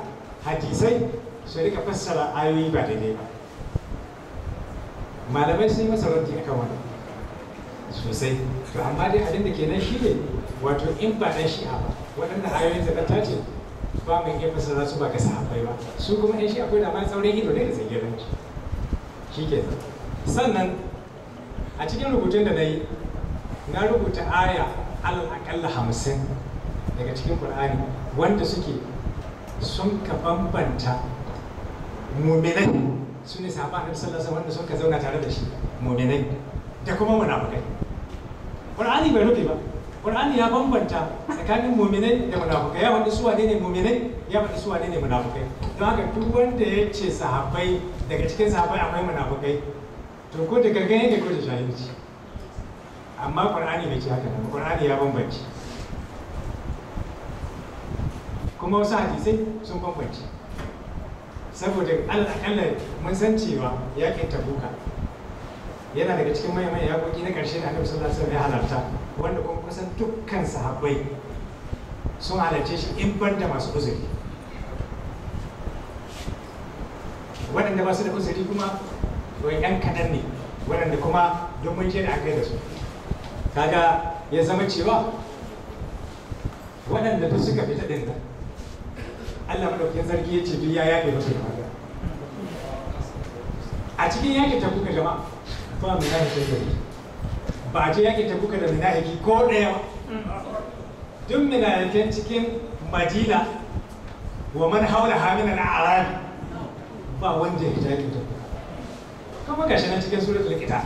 hadisai su rika fassara ayoyi ba daidai ba malamai sun yi masa raddi akan wani sosai to amma dai abin da kenan shi ne wato in ba dan shi'a ba waɗanda ayoyin da ta ce ba mai iya fassara su ba ga sahabbai ba su kuma yan shi akwai da ma tsaurin ido ne da zai gyaran su shike sannan a cikin rubutun da na yi na rubuta aya alal akalla hamsin daga cikin ƙur'ani wanda suke sun ka bambanta muminai su ne sahaba annabi sallasa wanda sun ka zauna tare da shi muminai da kuma munafukai ƙur'ani bai rufe ba Qur'ani ya bambanta tsakanin mu'minai da munafukai ya faɗi suwa ne mu'minai ya faɗi suwa ne munafukai don haka duk wanda ya ce sahabbai daga cikin sahabbai akwai munafukai to ko da gangan yake ko da jahilci amma Qur'ani bai ce haka ba Qur'ani ya bambanci. kuma wasu hadisai sun bambanci. saboda al'akalla mun san cewa yakin tabuka yana daga cikin manyan yakoki na ƙarshe da annabi sallallahu alaihi wasallam ya halarta wanda kuma kusan dukkan sahabbai sun halarce shi in banda masu uzuri waɗanda ba su da uzuri kuma wai ɗan kaɗan ne waɗanda kuma don mun je da aka da su kaga ya zama cewa waɗanda duk suka fita ɗin nan Allah madaukakin zargi ya ce duk ya yaƙe masu da maga a cikin yaƙin tabuka jama'a ba mu yaƙe sai ba yake ta tabuka da yake ko ɗaya duk yake cikin madina wa man haula hamina na arabi ba wanda ya hita ta tabuka kuma gashi nan cikin suratul kita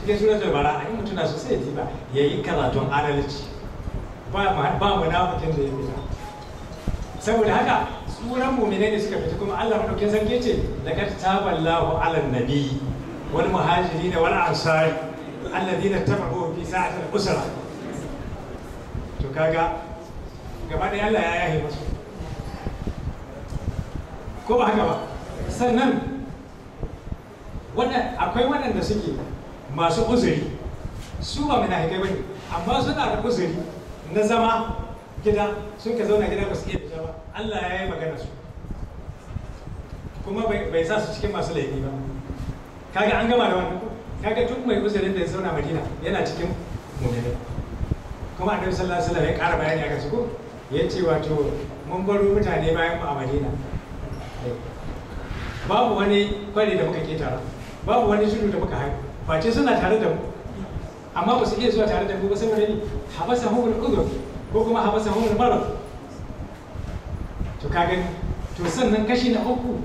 cikin suratul bara in mutum na sosai sai ya ba yayi yi karatun adalci ba mu na munafikin da ya fita saboda haka tsuran mumine ne suka fita kuma Allah madaukin sarki ce da ka taballahu ala nabi wal da wal ansari alladhina tabahu fi sa'atil usra to kaga gaba ɗaya Allah ya yahe ko ba haka ba sannan akwai waɗanda suke masu uzuri su ba munafikai bane amma suna da uzuri na zama gida sun ka zauna gida ba su iya fita ba Allah ya yi magana su kuma bai sa su cikin masu laifi ba kaga gama da kaga duk mai uzurin da ya zauna madina yana cikin mu'minai kuma annabi sallallahu alaihi wasallam ya ƙara bayani aka suku ya ce wato mun baro mutane bayan mu a madina babu wani kwari da muka ketara babu wani shudu da muka haihu face suna tare da mu amma ba su iya zuwa tare da mu ba saboda ni habasa hukun udur ko kuma habasa hukun marar to ka gani to sannan kashi na uku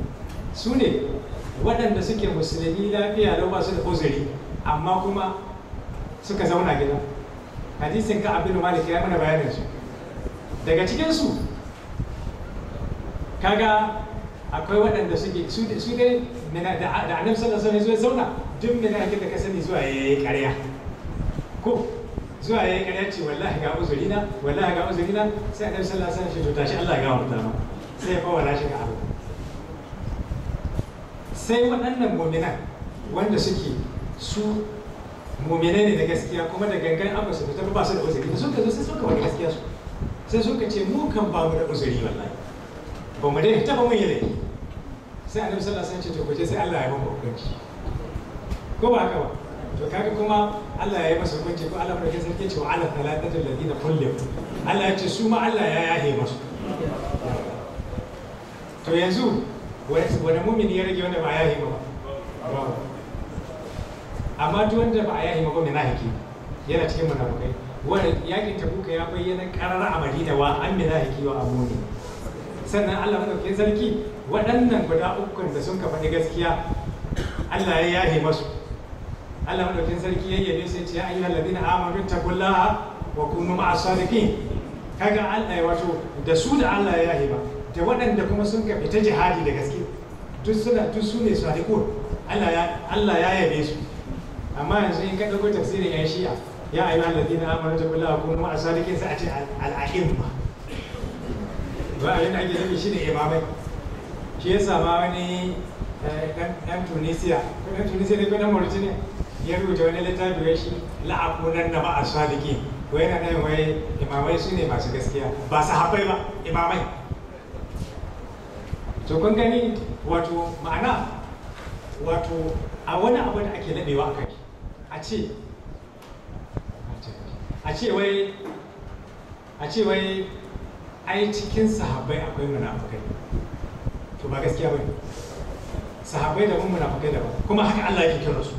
su ne waɗanda suke musulmi lafiya don masu da uzuri amma kuma suka zauna gida hadisin ka abin malik ya mana bayanin su daga cikinsu kaga akwai waɗanda suke su da su dai da annabi sallallahu alaihi wasallam zauna duk mina yake da ka sani zuwa yayi ƙarya ko zuwa yayi ƙarya ce wallahi ga uzurina wallahi ga uzurina sai annabi sallallahu alaihi wasallam shi to tashi Allah ya gafarta ma sai ya fara shi ga abu sai waɗannan muminan wanda suke su mumine ne da gaskiya kuma da gangan abu su fitar ba su da uzuri da suka zo sai suka wani gaskiya su sai suka ce mu kan ba mu da uzuri wallahi ba mu dai taba mun yi laifi sai annabi sallallahu alaihi wasallam ce to sai Allah ya ba hukunci ko ba haka ba to kaga kuma Allah ya yi masa hukunci ko Allah farkin sarki ce wa ala thalathatul ladina kullu Allah ya ce su ma Allah ya yahe masu to yanzu wani mumin ya rage wanda ba ya yi ba amma duk wanda ba a yahi ba na nahiki yana cikin munafukai wanda yakin tabuka ya bayyana karara a madina wa an na nahiki wa amuni sannan Allah madaukakin sarki waɗannan guda ukun da sun kafa gaskiya Allah ya yahi masu Allah madaukakin sarki ya yabe sai ce ayyuhal ladina amanu taqullaha wa kunu ma'as sadiqin kaga Allah ya wato da su da Allah ya yahi ba da waɗanda kuma sun ka fita jihadi da gaskiya duk suna duk su ne Allah ya Allah ya yabe su amma yanzu in ka dauko tafsirin ya shi'a ya ayyuhal ladina amanu taqullaha kunu a sadiqin sai a ce al ba. ba a yin ake nufi shi ne imamai shi yasa ma wani dan eh, tunisiya ko dan tunisiya ne ko dan mauritania ya rubuta wani littafi ya shi la'akunan na ma'a sadiki wai yana nan wai imamai su ne masu gaskiya ba su haɓai ba imamai to kun gani wato ma'ana wato a wani abu da ake laɓewa a kai a ce a ce wai a ce wai ai cikin sahabbai akwai munafukai to ba gaskiya bane sahabbai daban munafukai ba kuma haka Allah yake kira su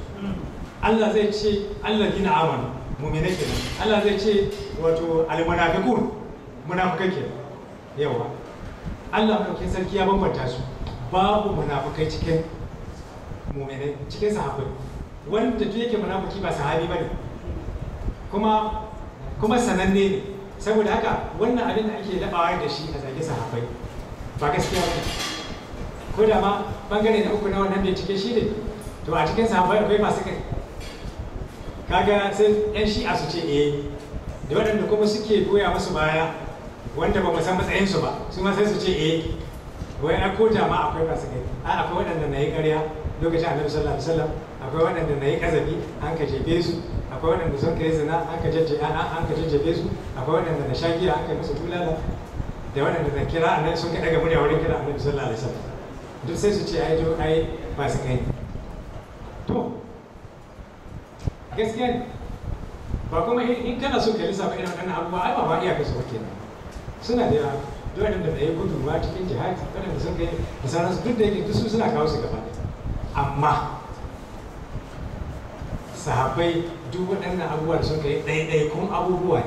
Allah zai ce Allah dina amanu mu'mina kenan Allah zai ce wato al-munafiqun munafukai kenan yawa Allah madaukakin sarki ya bambanta su babu munafukai cikin mu'minai cikin sahabbai wanda duk yake munafuki ba sahabi bane kuma kuma sananne ne saboda haka wannan abin da ake labawa da shi a zage sahabbai ba gaskiya ba ko da ma bangare na uku na wannan cike shi ne to a cikin sahabbai akwai masu kai kaga sai yan shi'a su ce eh da waɗanda kuma suke goya musu baya wanda ba mu san matsayinsu ba su ma sai su ce eh wai na koja ma akwai gani a akwai waɗanda na yi ƙarya lokacin annabi sallallahu alaihi wasallam akwai waɗanda na yi ƙazafi an ka jefe su akwai waɗanda sun kai zina an ka jajje an ka jajjefe su akwai waɗanda na sha giya an kai musu bulala da waɗanda na kira annabi sun ka daga murya wurin kira annabi sallallahu alaihi wasallam duk sai su ce ai to ai fasikai to gaskiya ba kuma in kana so ka lissafa irin waɗannan abubuwa ai ba ba iyakar su kenan suna da yawa da waɗanda da ya gudunwa cikin jihadi da sun kai da su duk da yake duk su suna kawo su gaba amma sahabbai duk waɗannan abubuwan sun kai ɗaiɗaikun abubuwa ne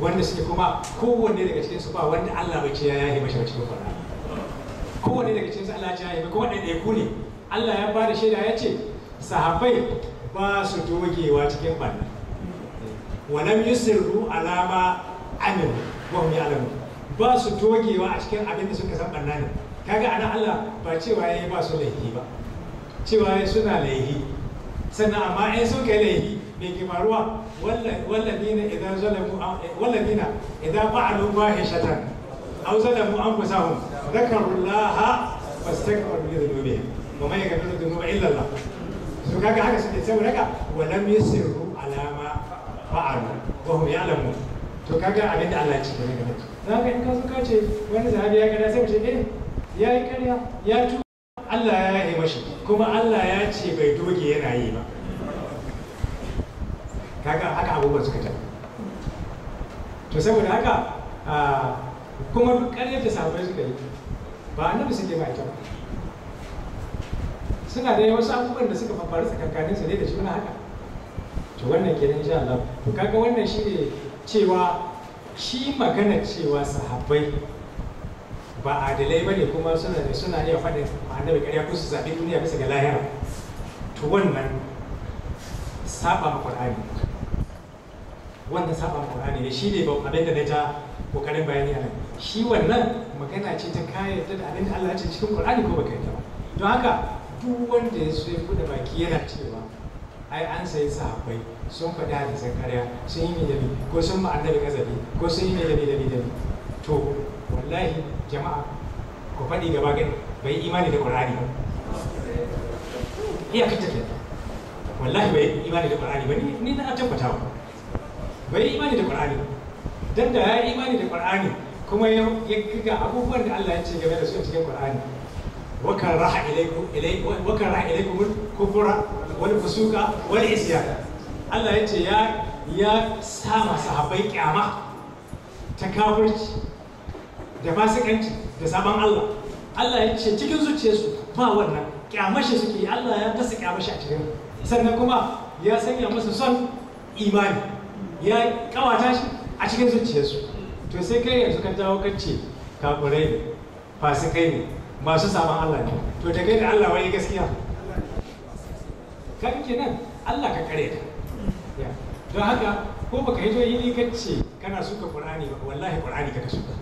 wanda suke kuma kowanne daga cikin su ba wanda Allah bai ce ya yi mashi cikin Qur'ani kowanne daga cikin su Allah ce ya yi kuma ɗaiɗai ku ne Allah ya bada shaida ya ce sahabbai ba su dogewa cikin barna wa lam yusirru alama amin wa ya ya'lamun ba su togewa a cikin abin da suka san barna ne kaga ana Allah ba cewa ya yi ba su laifi ba cewa yayi suna laifi sannan amma in sun kai laifi mai kimaruwa wallazina idan zalamu wallazina idan ba fa'alu fahishatan aw zalamu anfusahum dhakarullaha fastakbaru li dhunubihim wa man yaghfiru dhunuba illa illallah su kaga haka suke saboda haka wa lam yusirru ala ma fa'alu wa hum ya'lamun to kaga abin da Allah ya ce bane game da za ka in ka suka ce wani sahabi ya gada sai wuce ce eh ya yi karya ya tu Allah ya yi mashi kuma Allah ya ce bai doge yana yi ba kaga haka abubuwan suka tafi to saboda haka kuma duk ƙaryar da sahabbai suka yi ba annabi suke ma ita ba suna da wasu abubuwan da suka faru tsakankanin su ne da juna haka to wannan kenan insha Allah to kaga wannan shine cewa shi magana cewa sahabbai ba adalai bane kuma suna ne suna iya faɗin annabi ƙarya ko su zaɓi duniya bisa ga lahira to wannan saba ma Qur'ani wannan saba ma Qur'ani ne shine ba abin da na ja kokarin bayani a nan shi wannan magana ce ta kayan da abin da Allah ya ce cikin Qur'ani ko baka yarda ba don haka duk wanda ya so ya bude baki yana cewa ai an sayi sahabbai sun faɗi jisar karya sun yi mai ko sun da annabi zabi ko sun yi mai dabi dabi dabi to wallahi jama'a ku faɗi gaba gani bai imani da qur'ani ba iya kacce ke wallahi bai imani da qur'ani ba ni na tabbata ba bai imani da qur'ani ba dan da ya imani da qur'ani kuma ya kika abubuwan da Allah ya ce game da su cikin qur'ani wakan إليكم إليكم وكره إليكم wani والفسوق والعصيان Allah ya ce ya sama sahabbai kyama ta kafirci da fasikanci da sabon Allah Allah ya ce cikin zuciyarsu ba wannan kyamashi suke Allah ya dasa kyamashi a cikin sannan kuma ya sanya musu son imani ya kawata shi a cikin zuciyarsu to sai kai yanzu ka dawo ka ce kafirai ne fasikai ne masu sabon Allah ne to da kai da Allah wani gaskiya kan kenan Allah ka kare ta don haka ko baka yi zo yi ka ce kana suka qur'ani ba wallahi qur'ani kaka suka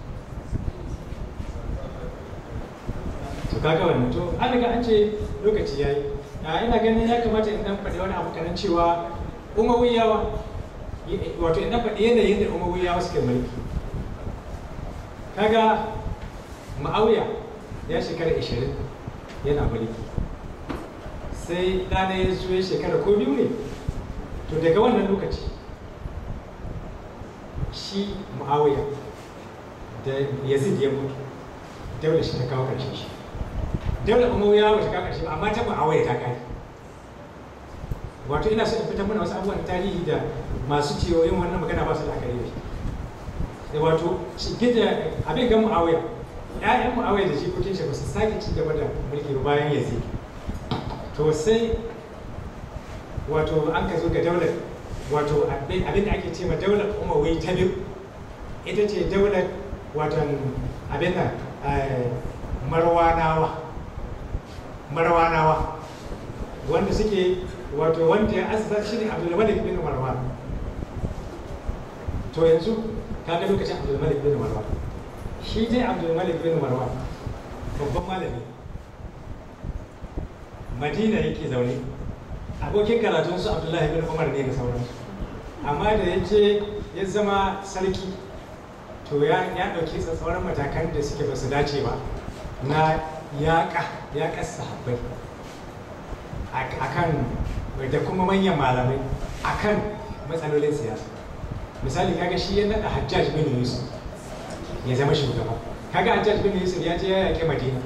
to kaga wannan to an riga an ce lokaci yayi a ina ganin ya kamata in dan faɗi wani abu kanan cewa umawiyawa wato in dan faɗi yanayin da umawiyawa suke mulki kaga ma'auya ya shekara 20 yana mulki sai ɗana ya ya shekara ko biyu ne to daga wannan lokaci shi muawiya da yazid ya mutu daular shi ta kawo karshen shi daular umawiya ya ta kawo karshen shi amma ta muawiya ta kare wato ina so in fitar mana wasu abubuwan tarihi da masu cewa yin wannan magana ba su da akari da shi wato gida abin ga muawiya ya'yan muawiya da jikokin shi ba su sake ci gaba da mulki bayan yazid to sai wato an ka zo ga daular wato abin da ake ce ma daular wai ta biyu ita ce daular watan abin nan eh, marwanawa marwanawa wanda suke wato wanda ya asasa shi ne abdulmalik bin marwan to yanzu ga lokacin abdulmalik bin marwan shi dai abdulmalik bin marwan babban malami madina yake zaune abokin karatun su abdullahi bin umar ne da sauransu amma da ya ce ya zama sarki to ya ɗauki tsatsauran matakan da suke ba su dace ba na yaƙa yaƙa sahabbai kan da kuma manyan malamai a kan matsalolin siyasa misali kaga shi ya naɗa hajjaj bin yusuf ya zama shugaba kaga hajjaj bin yusuf ya ce ya yaƙe madina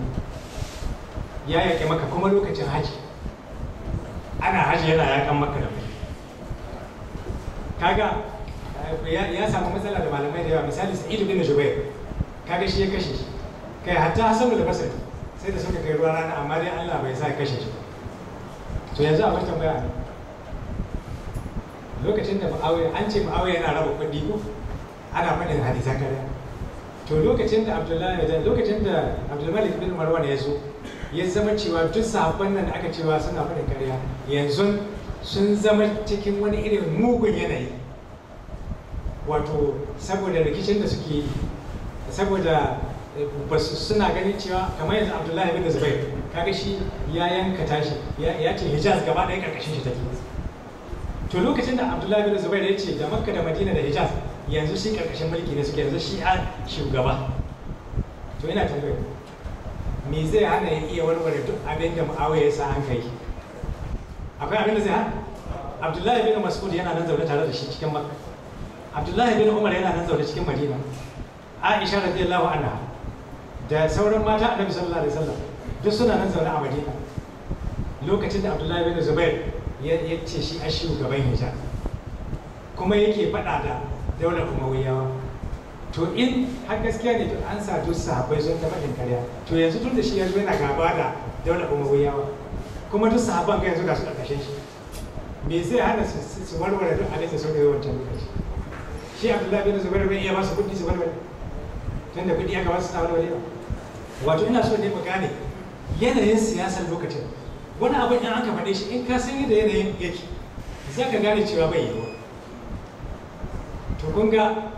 ya yaƙe maka kuma lokacin haji ana hajji yana yakan maka da kaga eh, ya samu matsala da malamai da yawa misali idu bin jubair kaga shi ya kashe shi kai hatta hasan da basir sai da suka kai ruwa rana amma dai Allah bai sa ya kashe shi to yanzu a wata bayani lokacin da ma'awiya an ce ma'awiya yana raba kuɗi ko ana faɗin hadisan kare to lokacin da abdullahi lokacin da abdulmalik bin marwan ya zo ya zama cewa duk sahabban nan da aka cewa suna faɗin ƙarya yanzu sun zama cikin wani irin mugun yanayi wato saboda rikicin da suke yi saboda eh, ba suna ganin cewa kamar yanzu abdullahi bin zubair kaga shi ya yanka tashi ya ce hijaz gaba ɗaya ƙarƙashin shi take to lokacin da abdullahi bin zubair ya ce da makka da madina da hijaz yanzu shi ƙarƙashin mulki ne suke yanzu shi a shugaba to ina tambayar me zai hana ya iya warware duk abin da ma'awa ya sa an kai akwai abin da zai hana abdullahi bin mas'ud yana nan zaune tare da shi cikin makka abdullahi bin umar yana nan zaune cikin madina aisha radiyallahu anha da sauran mata annabi sallallahu alaihi wasallam duk suna nan zaune a madina lokacin da abdullahi bin zubair ya ce shi a gaban hijab kuma yake faɗa da daular umayyawa to in har gaskiya ne to an sa duk sahabbai sun taɓa fadin karya to yanzu tun da shi yanzu yana gaba da daula umayyawa kuma duk sahabban ga yanzu ga su ƙarƙashin shi me zai hana su warware duk abin da suka wancan lokaci shi abdullahi bin zubair bai iya ba su kuɗi su warware tun da kuɗi aka ba su tsawon wani wato ina so ne mu gane yanayin siyasar lokacin wani abin in aka faɗe shi in ka san yadda yanayin yake za ka gane cewa bai ba. to kun ga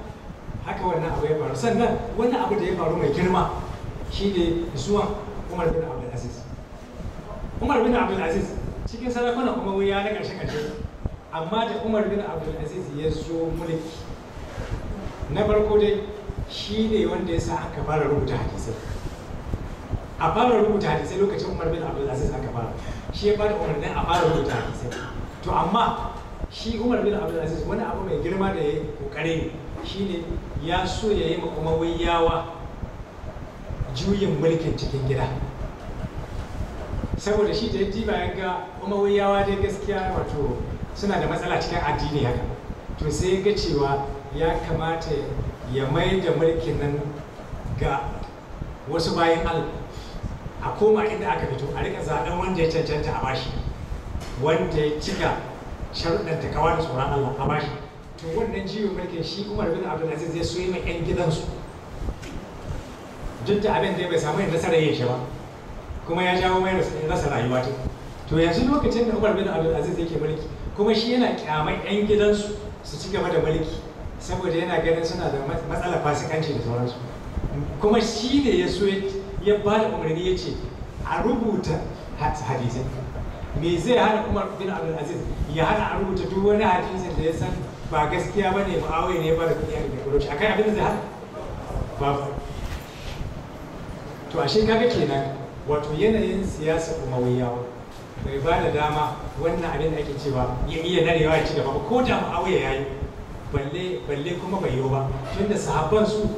haka wannan abu ya faru sannan wani abu da ya faru mai girma shi ne zuwan umar bin abdul aziz umar bin abdul aziz cikin sarakuna kuma wuya na karshe karshe amma da umar bin abdul aziz ya zo mulki na farko dai shi ne wanda ya sa aka fara rubuta hadisai a fara rubuta hadisai lokacin umar bin abdul aziz aka fara shi ya bada umarnin a fara rubuta hadisai to amma shi umar bin abdul aziz wani abu mai girma da ya kokare shi ne ya so ya yi kuma wayawa juyin mulkin cikin gida saboda shi da ya diba ya ga kuma wayawa dai gaskiya wato suna da matsala cikin addini haka to sai ya ga cewa ya kamata ya mai da mulkin nan ga wasu bayan allah a koma inda aka fito a rika zaɓen wanda ya cancanta a bashi wanda ya cika sharuɗanta kawar da tsoron allah a bashi to wannan jiwon mulkin shi umar bin abdulaziz ya yi mai yan gidansu duk da abin da bai samu nasarar yin shi ba kuma ya jawo mai rasa rayuwa ta to yanzu lokacin da umar bin aziz yake mulki kuma shi yana kyamai yan gidansu su ci gaba da mulki saboda yana ganin suna da matsalar fasikanci da sauransu kuma shi ne ya so ya ba da umarni ya ce a rubuta hadisai me zai hana umar bin aziz ya hana a rubuta duk wani hadisin da ya san ba gaskiya ba ne ma'awai ne ba da kuɗi a da a kai abin da ba haka babu to ashe kaga kenan wato yanayin siyasa kuma umawiyawa bai ba da dama wannan abin da ake cewa yin iya narewa ya ci gaba ko da ma'awai ya yi balle balle kuma bai yiwu ba tunda sahabban su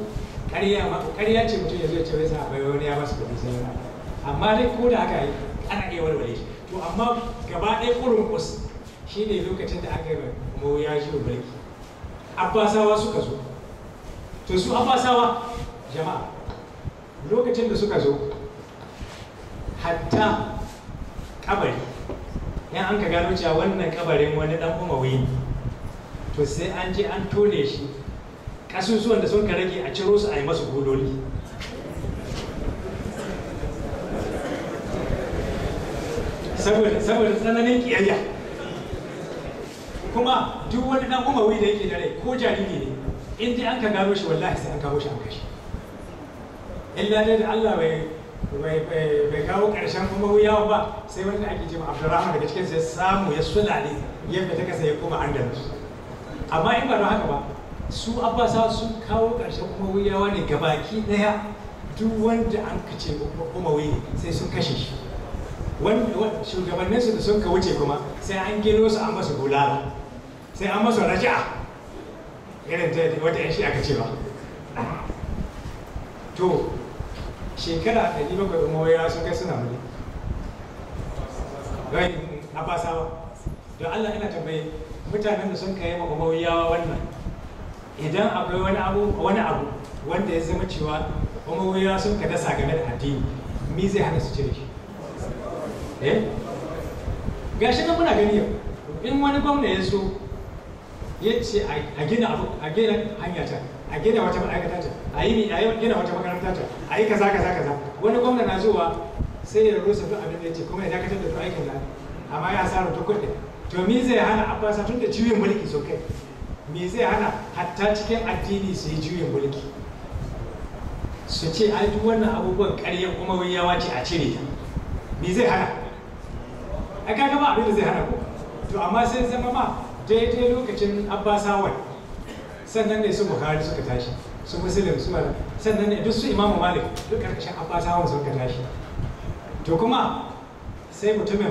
ƙarya ma ƙarya ce mutum ya zo ya ce wai sahabbai wani ya ba su kuɗi sai wani amma dai ko da haka ana iya walwale shi to amma gaba ɗaya kurun kusa shine lokacin da aka yi ya ji mulki abbasawa suka zo to su abbasawa jama'a lokacin da suka zo hatta kabari Ya an ka gano cewa wannan kabarin wani dan umawi ne to sai an je an tone shi kasusuwan da sun ka rage a ciro su a yi masu gudoli saboda tsananin kiyayya kuma duk wani dan umawi da yake da rai ko jariri ne in dai an ka gano shi wallahi sai an kawo shi an kashi illa dai da Allah bai bai kawo karshen kuma yawo ba sai wanda ake cewa Abdurrahman daga cikin sai samu ya sulale ya fita kasa ya koma dan amma in ba haka ba su Abbasa su kawo karshen kuma yawa ne gabaki daya duk wanda an ka kace umawi sai sun kashe shi shugabanninsu da sun ka wuce kuma sai an gino su a masu bulala sai an masa raja irin ta wata yan shi aka ce ba to shekara 700 umaroya sun kai suna mulki rai na basawa don allah ina tambaye mutanen da sun kai ma umaroyawa wannan idan akwai wani abu wani abu wanda ya zama cewa umaroyawa sun ka dasa game da addini mi zai hana su cire shi eh gashi nan muna gani yau in wani gwamna ya so ya a gina abu a gina hanya ta a gina wata ma'aikata ta a yi a gina wata makaranta ta a yi kaza kaza kaza wani gwamna na zuwa sai ya rusa duk abin da ya kuma ya dakatar da duk aikin da amma ya sa rubutu kuɗi to me zai hana abbasa tun da juyin mulki so kai me zai hana hatta cikin addini su yi juyin mulki su ce ai duk wannan abubuwan ƙarya kuma wuya ce a cire ta me zai hana a kaga ba abin da zai hana ko to amma sai zama ma daidai lokacin abbasawan sannan ne su bukari suka tashi su musulun su sannan ne duk su imamu malik duk karkashin abbasawan suka tashi to kuma sai mutumin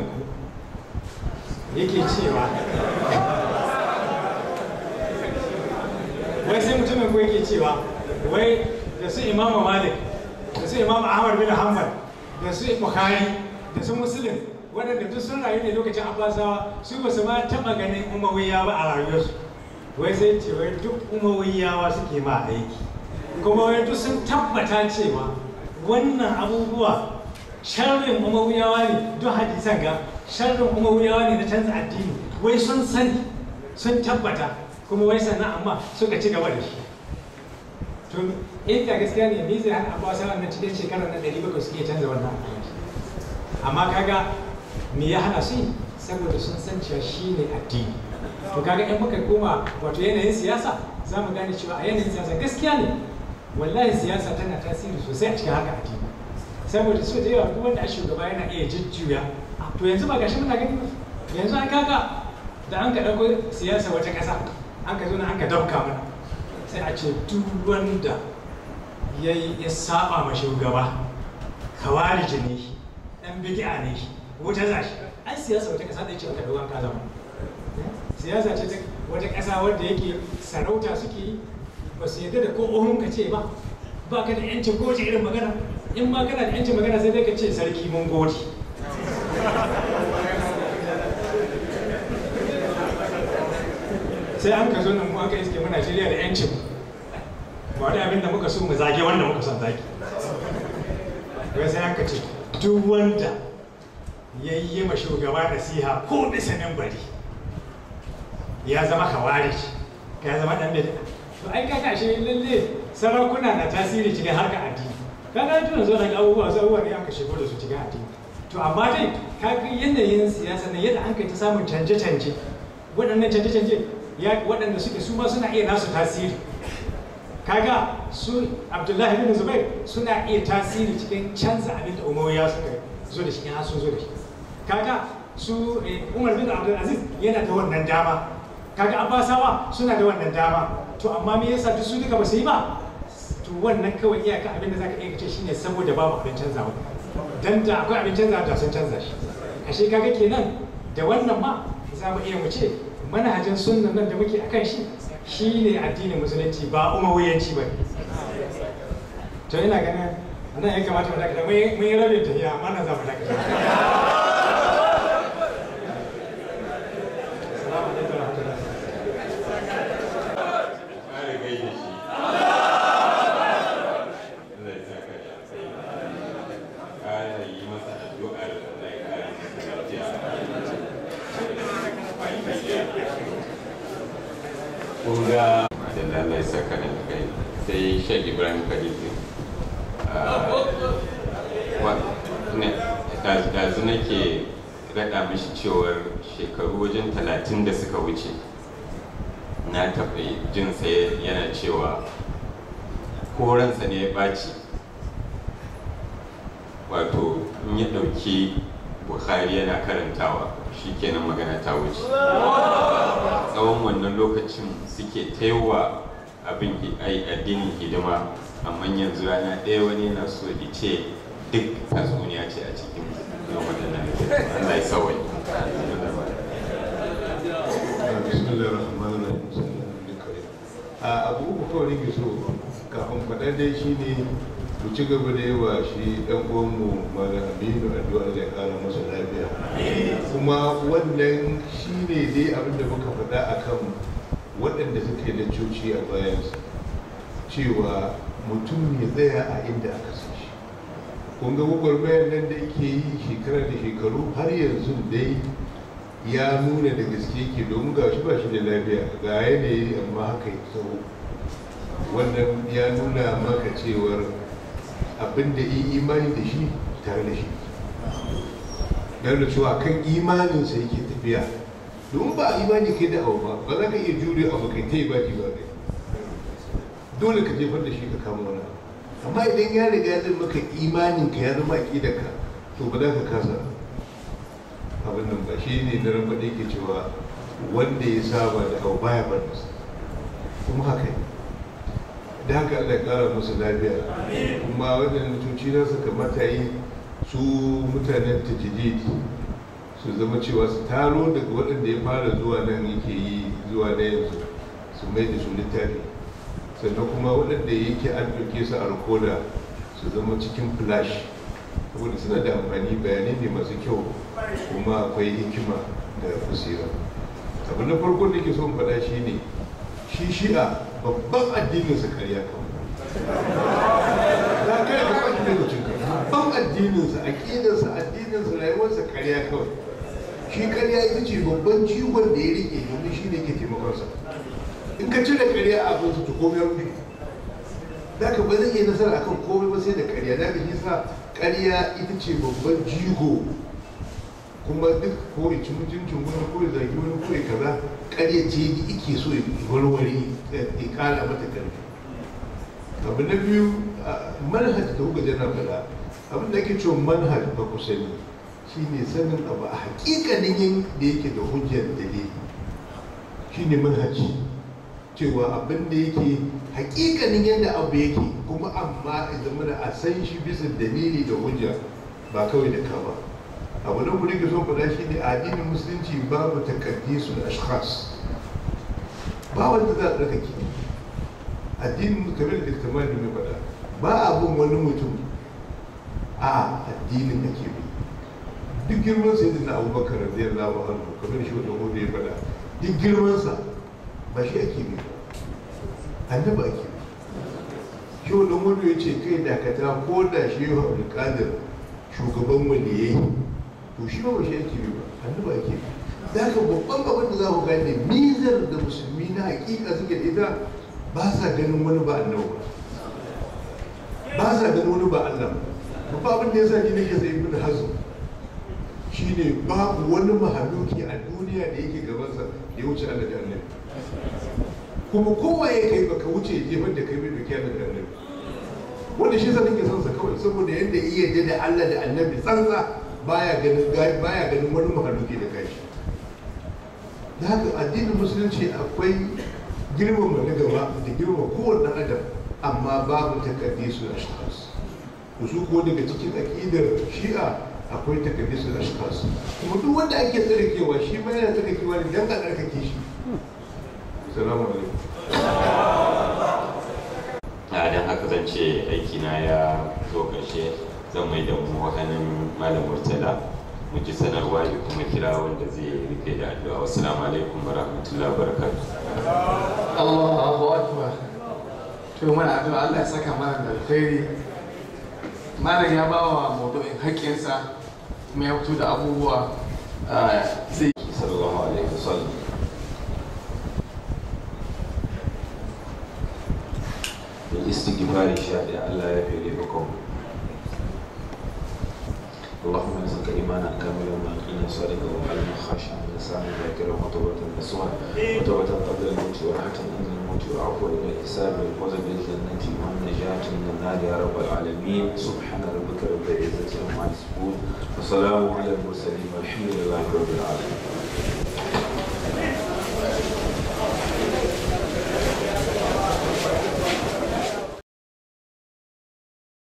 ku yake cewa wai sai mutumin ku yake cewa wai da su imamu malik da su imamu ahmad bin hamad da su bukari da su musulun. waɗanda duk sun rayu ne lokacin abbasawa su ba su ma taɓa ganin umawiya a rayuwarsu wai sai ce wai duk umawiyawa suke ma aiki kuma wai duk sun tabbata cewa wannan abubuwa sharrin umawiyawa ne duk hadisan ga sharrin umawiyawa ne na canza addini wai sun sani sun tabbata kuma wai sannan amma suka ci gaba da shi to inda gaskiya ne ni zai hana abuwa na cikin shekarar na 700 suke canza wannan amma kaga me ya hana shi saboda sun san cewa shi ne addini to kaga in muka koma wato yanayin siyasa za mu gane cewa a yanayin siyasa gaskiya ne wallahi siyasa tana tasiri sosai a cikin haka addini saboda su da yawa kuma wanda a shugaba yana iya jujjuya to yanzu ba gashi muna gani yanzu an kaga da an ka dauko siyasa wata ƙasa an ka zo na an ka dauka mana sai a ce duk wanda ya saba ma shugaba kawarijin ne ɗan bigi'a ne wuta za an siyasa wata ƙasa da yake wata dogon ka zama eh? siyasa ce ta wata ƙasa wanda yake sarauta suke yi ba su yarda da ko ohun ka ce ba ba ka da yancin ko irin magana in ma kana da yancin magana sai dai ka ce sarki mun gode sai an ka zo nan mu aka iske mu Najeriya da yancin ba da abin da muka so mu zage wanda muka son zage wai sai an ka ce duk wanda ya yi ma shugaba nasiha ko bisa gwari ya zama kawari ya zama dan bid'a to ai ka kashe lalle sarakuna na tasiri cikin harka addini kana tun zo da abubuwa zo abubuwa ne aka shigo da su cikin addini to amma dai ka ga yanayin siyasa ne yadda an kai ta samun canje-canje waɗannan canje-canje waɗanda suke su ma suna iya nasu tasiri kaga su abdullahi bin zubair suna iya tasiri cikin canza abin da ya suka zo da shi har sun zo da shi kaga su eh, umar bin abdul aziz yana da wannan dama kaga abbasawa suna da wannan dama to amma me yasa duk su duka ba su yi ba to wannan kawai iyaka abin da zaka iya ce shine saboda babu abin canzawa dan da akwai abin canzawa da sun canza shi ashe kaga kenan da wannan ma za mu iya mu ce manhajin sunnan nan da muke akan shi shine addinin musulunci ba umawiyanci ba to ina ganin nan ya kamata mu dakata mun yi rabin tafiya amma nan za mu dakata ne ya ɓaci wato in ya ɗauki Buhari yana karantawa shi kenan magana ta wuce tsawon wannan lokacin suke taiwa abin addinin hidima amma yanzu rana ɗaya wani yana so ya ce duk tatsuniya ce a cikin Allah ya ah, abu bakar so faɗa dai shi ne ku ci gaba da yawa shi ɗan uwanmu mara aminu addu'a da ya ƙara masa lafiya kuma wannan shi ne dai abin da muka faɗa a kan waɗanda suke da coci a bayansa cewa mutum ya tsaya a inda aka san shi kun ga gwagwarmayar nan da yake yi shekara da shekaru har yanzu dai ya nuna da gaske ke domin ga shi ba shi da lafiya ga yanayi amma haka ya tsawo wannan ya nuna maka cewar abinda yi imani da shi tare da shi don da cewa kan imaninsa yake tafiya domin ba imani kai da abu ba ba za ka iya jure abu kai ta yi ba ba kai dole ka jefar da shi ka kama wani amma idan ya riga ya zama maka imanin ka ya zama ka to ba za ka kasa abin nan ba shi ne na da ke cewa wanda ya saba da abu baya ba kuma haka ne da haka Allah kara musu lafiya kuma wajen cuci na kamata yi su mutanen tajidid su zama cewa su taro daga waɗanda ya fara zuwa nan yake yi zuwa na yanzu su mai da su littafi sannan kuma waɗanda yake an ɗauke su a rikoda su zama cikin flash saboda suna da amfani bayanai ne masu kyau kuma akwai hikima da fusira abu na farko da ke son faɗa shi ne shi shi'a babban addinin sa kariya kawai da kai da kwanci ne mutum babban addinin sa aqidar sa addinin sa rayuwar sa kariya kawai shi kariya ita ce babban jigon da ya rike domin shi ne ke taimakon sa in ka cire kariya a abin su to komai rubi za ka ba zai iya nasara akan komai ba sai da kariya za ka yi sa kariya ita ce babban jigo kuma duk ko ci mutuncin wani ko zagi wani ko kaza ƙaryace ike so ya warware ya kara mata karfi abu na biyu manhaj da kuka jana faɗa abin da ake cewa manhaj ba ku sani shine sanin abu a hakikanin yin da yake da hujjar shi shine manhaji cewa abin da yake hakikanin yadda abu yake kuma amma idan muna a san shi bisa dalili da hujja ba kawai da kama. a wani guri ka so faɗa shi ne a addinin musulunci babu su da ashkhas ba wanda za a ɗaukaki addinin kamar da kamar da faɗa ba abin wani mutum a addinin ake bi duk girman sai na abubakar radiyallahu hannu kamar shi wata gobe ya faɗa duk girmansa ba shi ake bi ba annabi ake bi shi wanda gobe ya ce kai dakata ko da shi yau abdulkadir shugaban wanda ya yi to shi ba ba shi ake yi ba annabi ake yi za ka babban abin da za ku gane mizar da musulmi na hakika suke ita ba sa ganin wani ba annabi ba ba sa ganin wani ba allah ba ba abin da ya sa ni nake sai ibn hazm shine babu wani mahaluki a duniya da yake gabansa da ya wuce allah da annabi kuma kowa ya kai baka wuce jefar da kai bai doki allah da annabi wanda shi sa nake son sa kawai saboda yadda iya da Allah da Annabi tsantsa baya ganin baya ganin wani mahaluki da kai da haka addinin musulunci akwai girmama na gaba da girmama kowane adam amma babu shakas ku su ko daga cikin akidar shi'a akwai da shakas kuma duk wanda ake tsarkewa shi ma yana tsarkewa ne dan ka tsarkake shi salamu alaikum a dan haka zan ce aiki na ya zo karshe zan mai da kuma hannun malam murtala mu ji sanarwa da kuma kira wanda zai rufe da addu'a assalamu alaikum wa rahmatullahi wa Allahu akbar to muna addu'a Allah ya saka mana da alkhairi malam ya ba wa maudu'in haƙƙinsa kuma ya fito da abubuwa zai sallallahu alaihi wasallam istighfari sha Allah ya fere hukumu اللهم ارزق ايمانا كاملا ويقينا صادقا وقلبا خاشعا ولسانا ذاكرا وتوبة نصوحا وتوبة قبل الموت وراحة عند الموت وعفوا الى الحساب والفوز بالجنة والنجاة من النار يا رب العالمين سبحان ربك رب العزة عما يصفون وسلام على المرسلين والحمد لله رب العالمين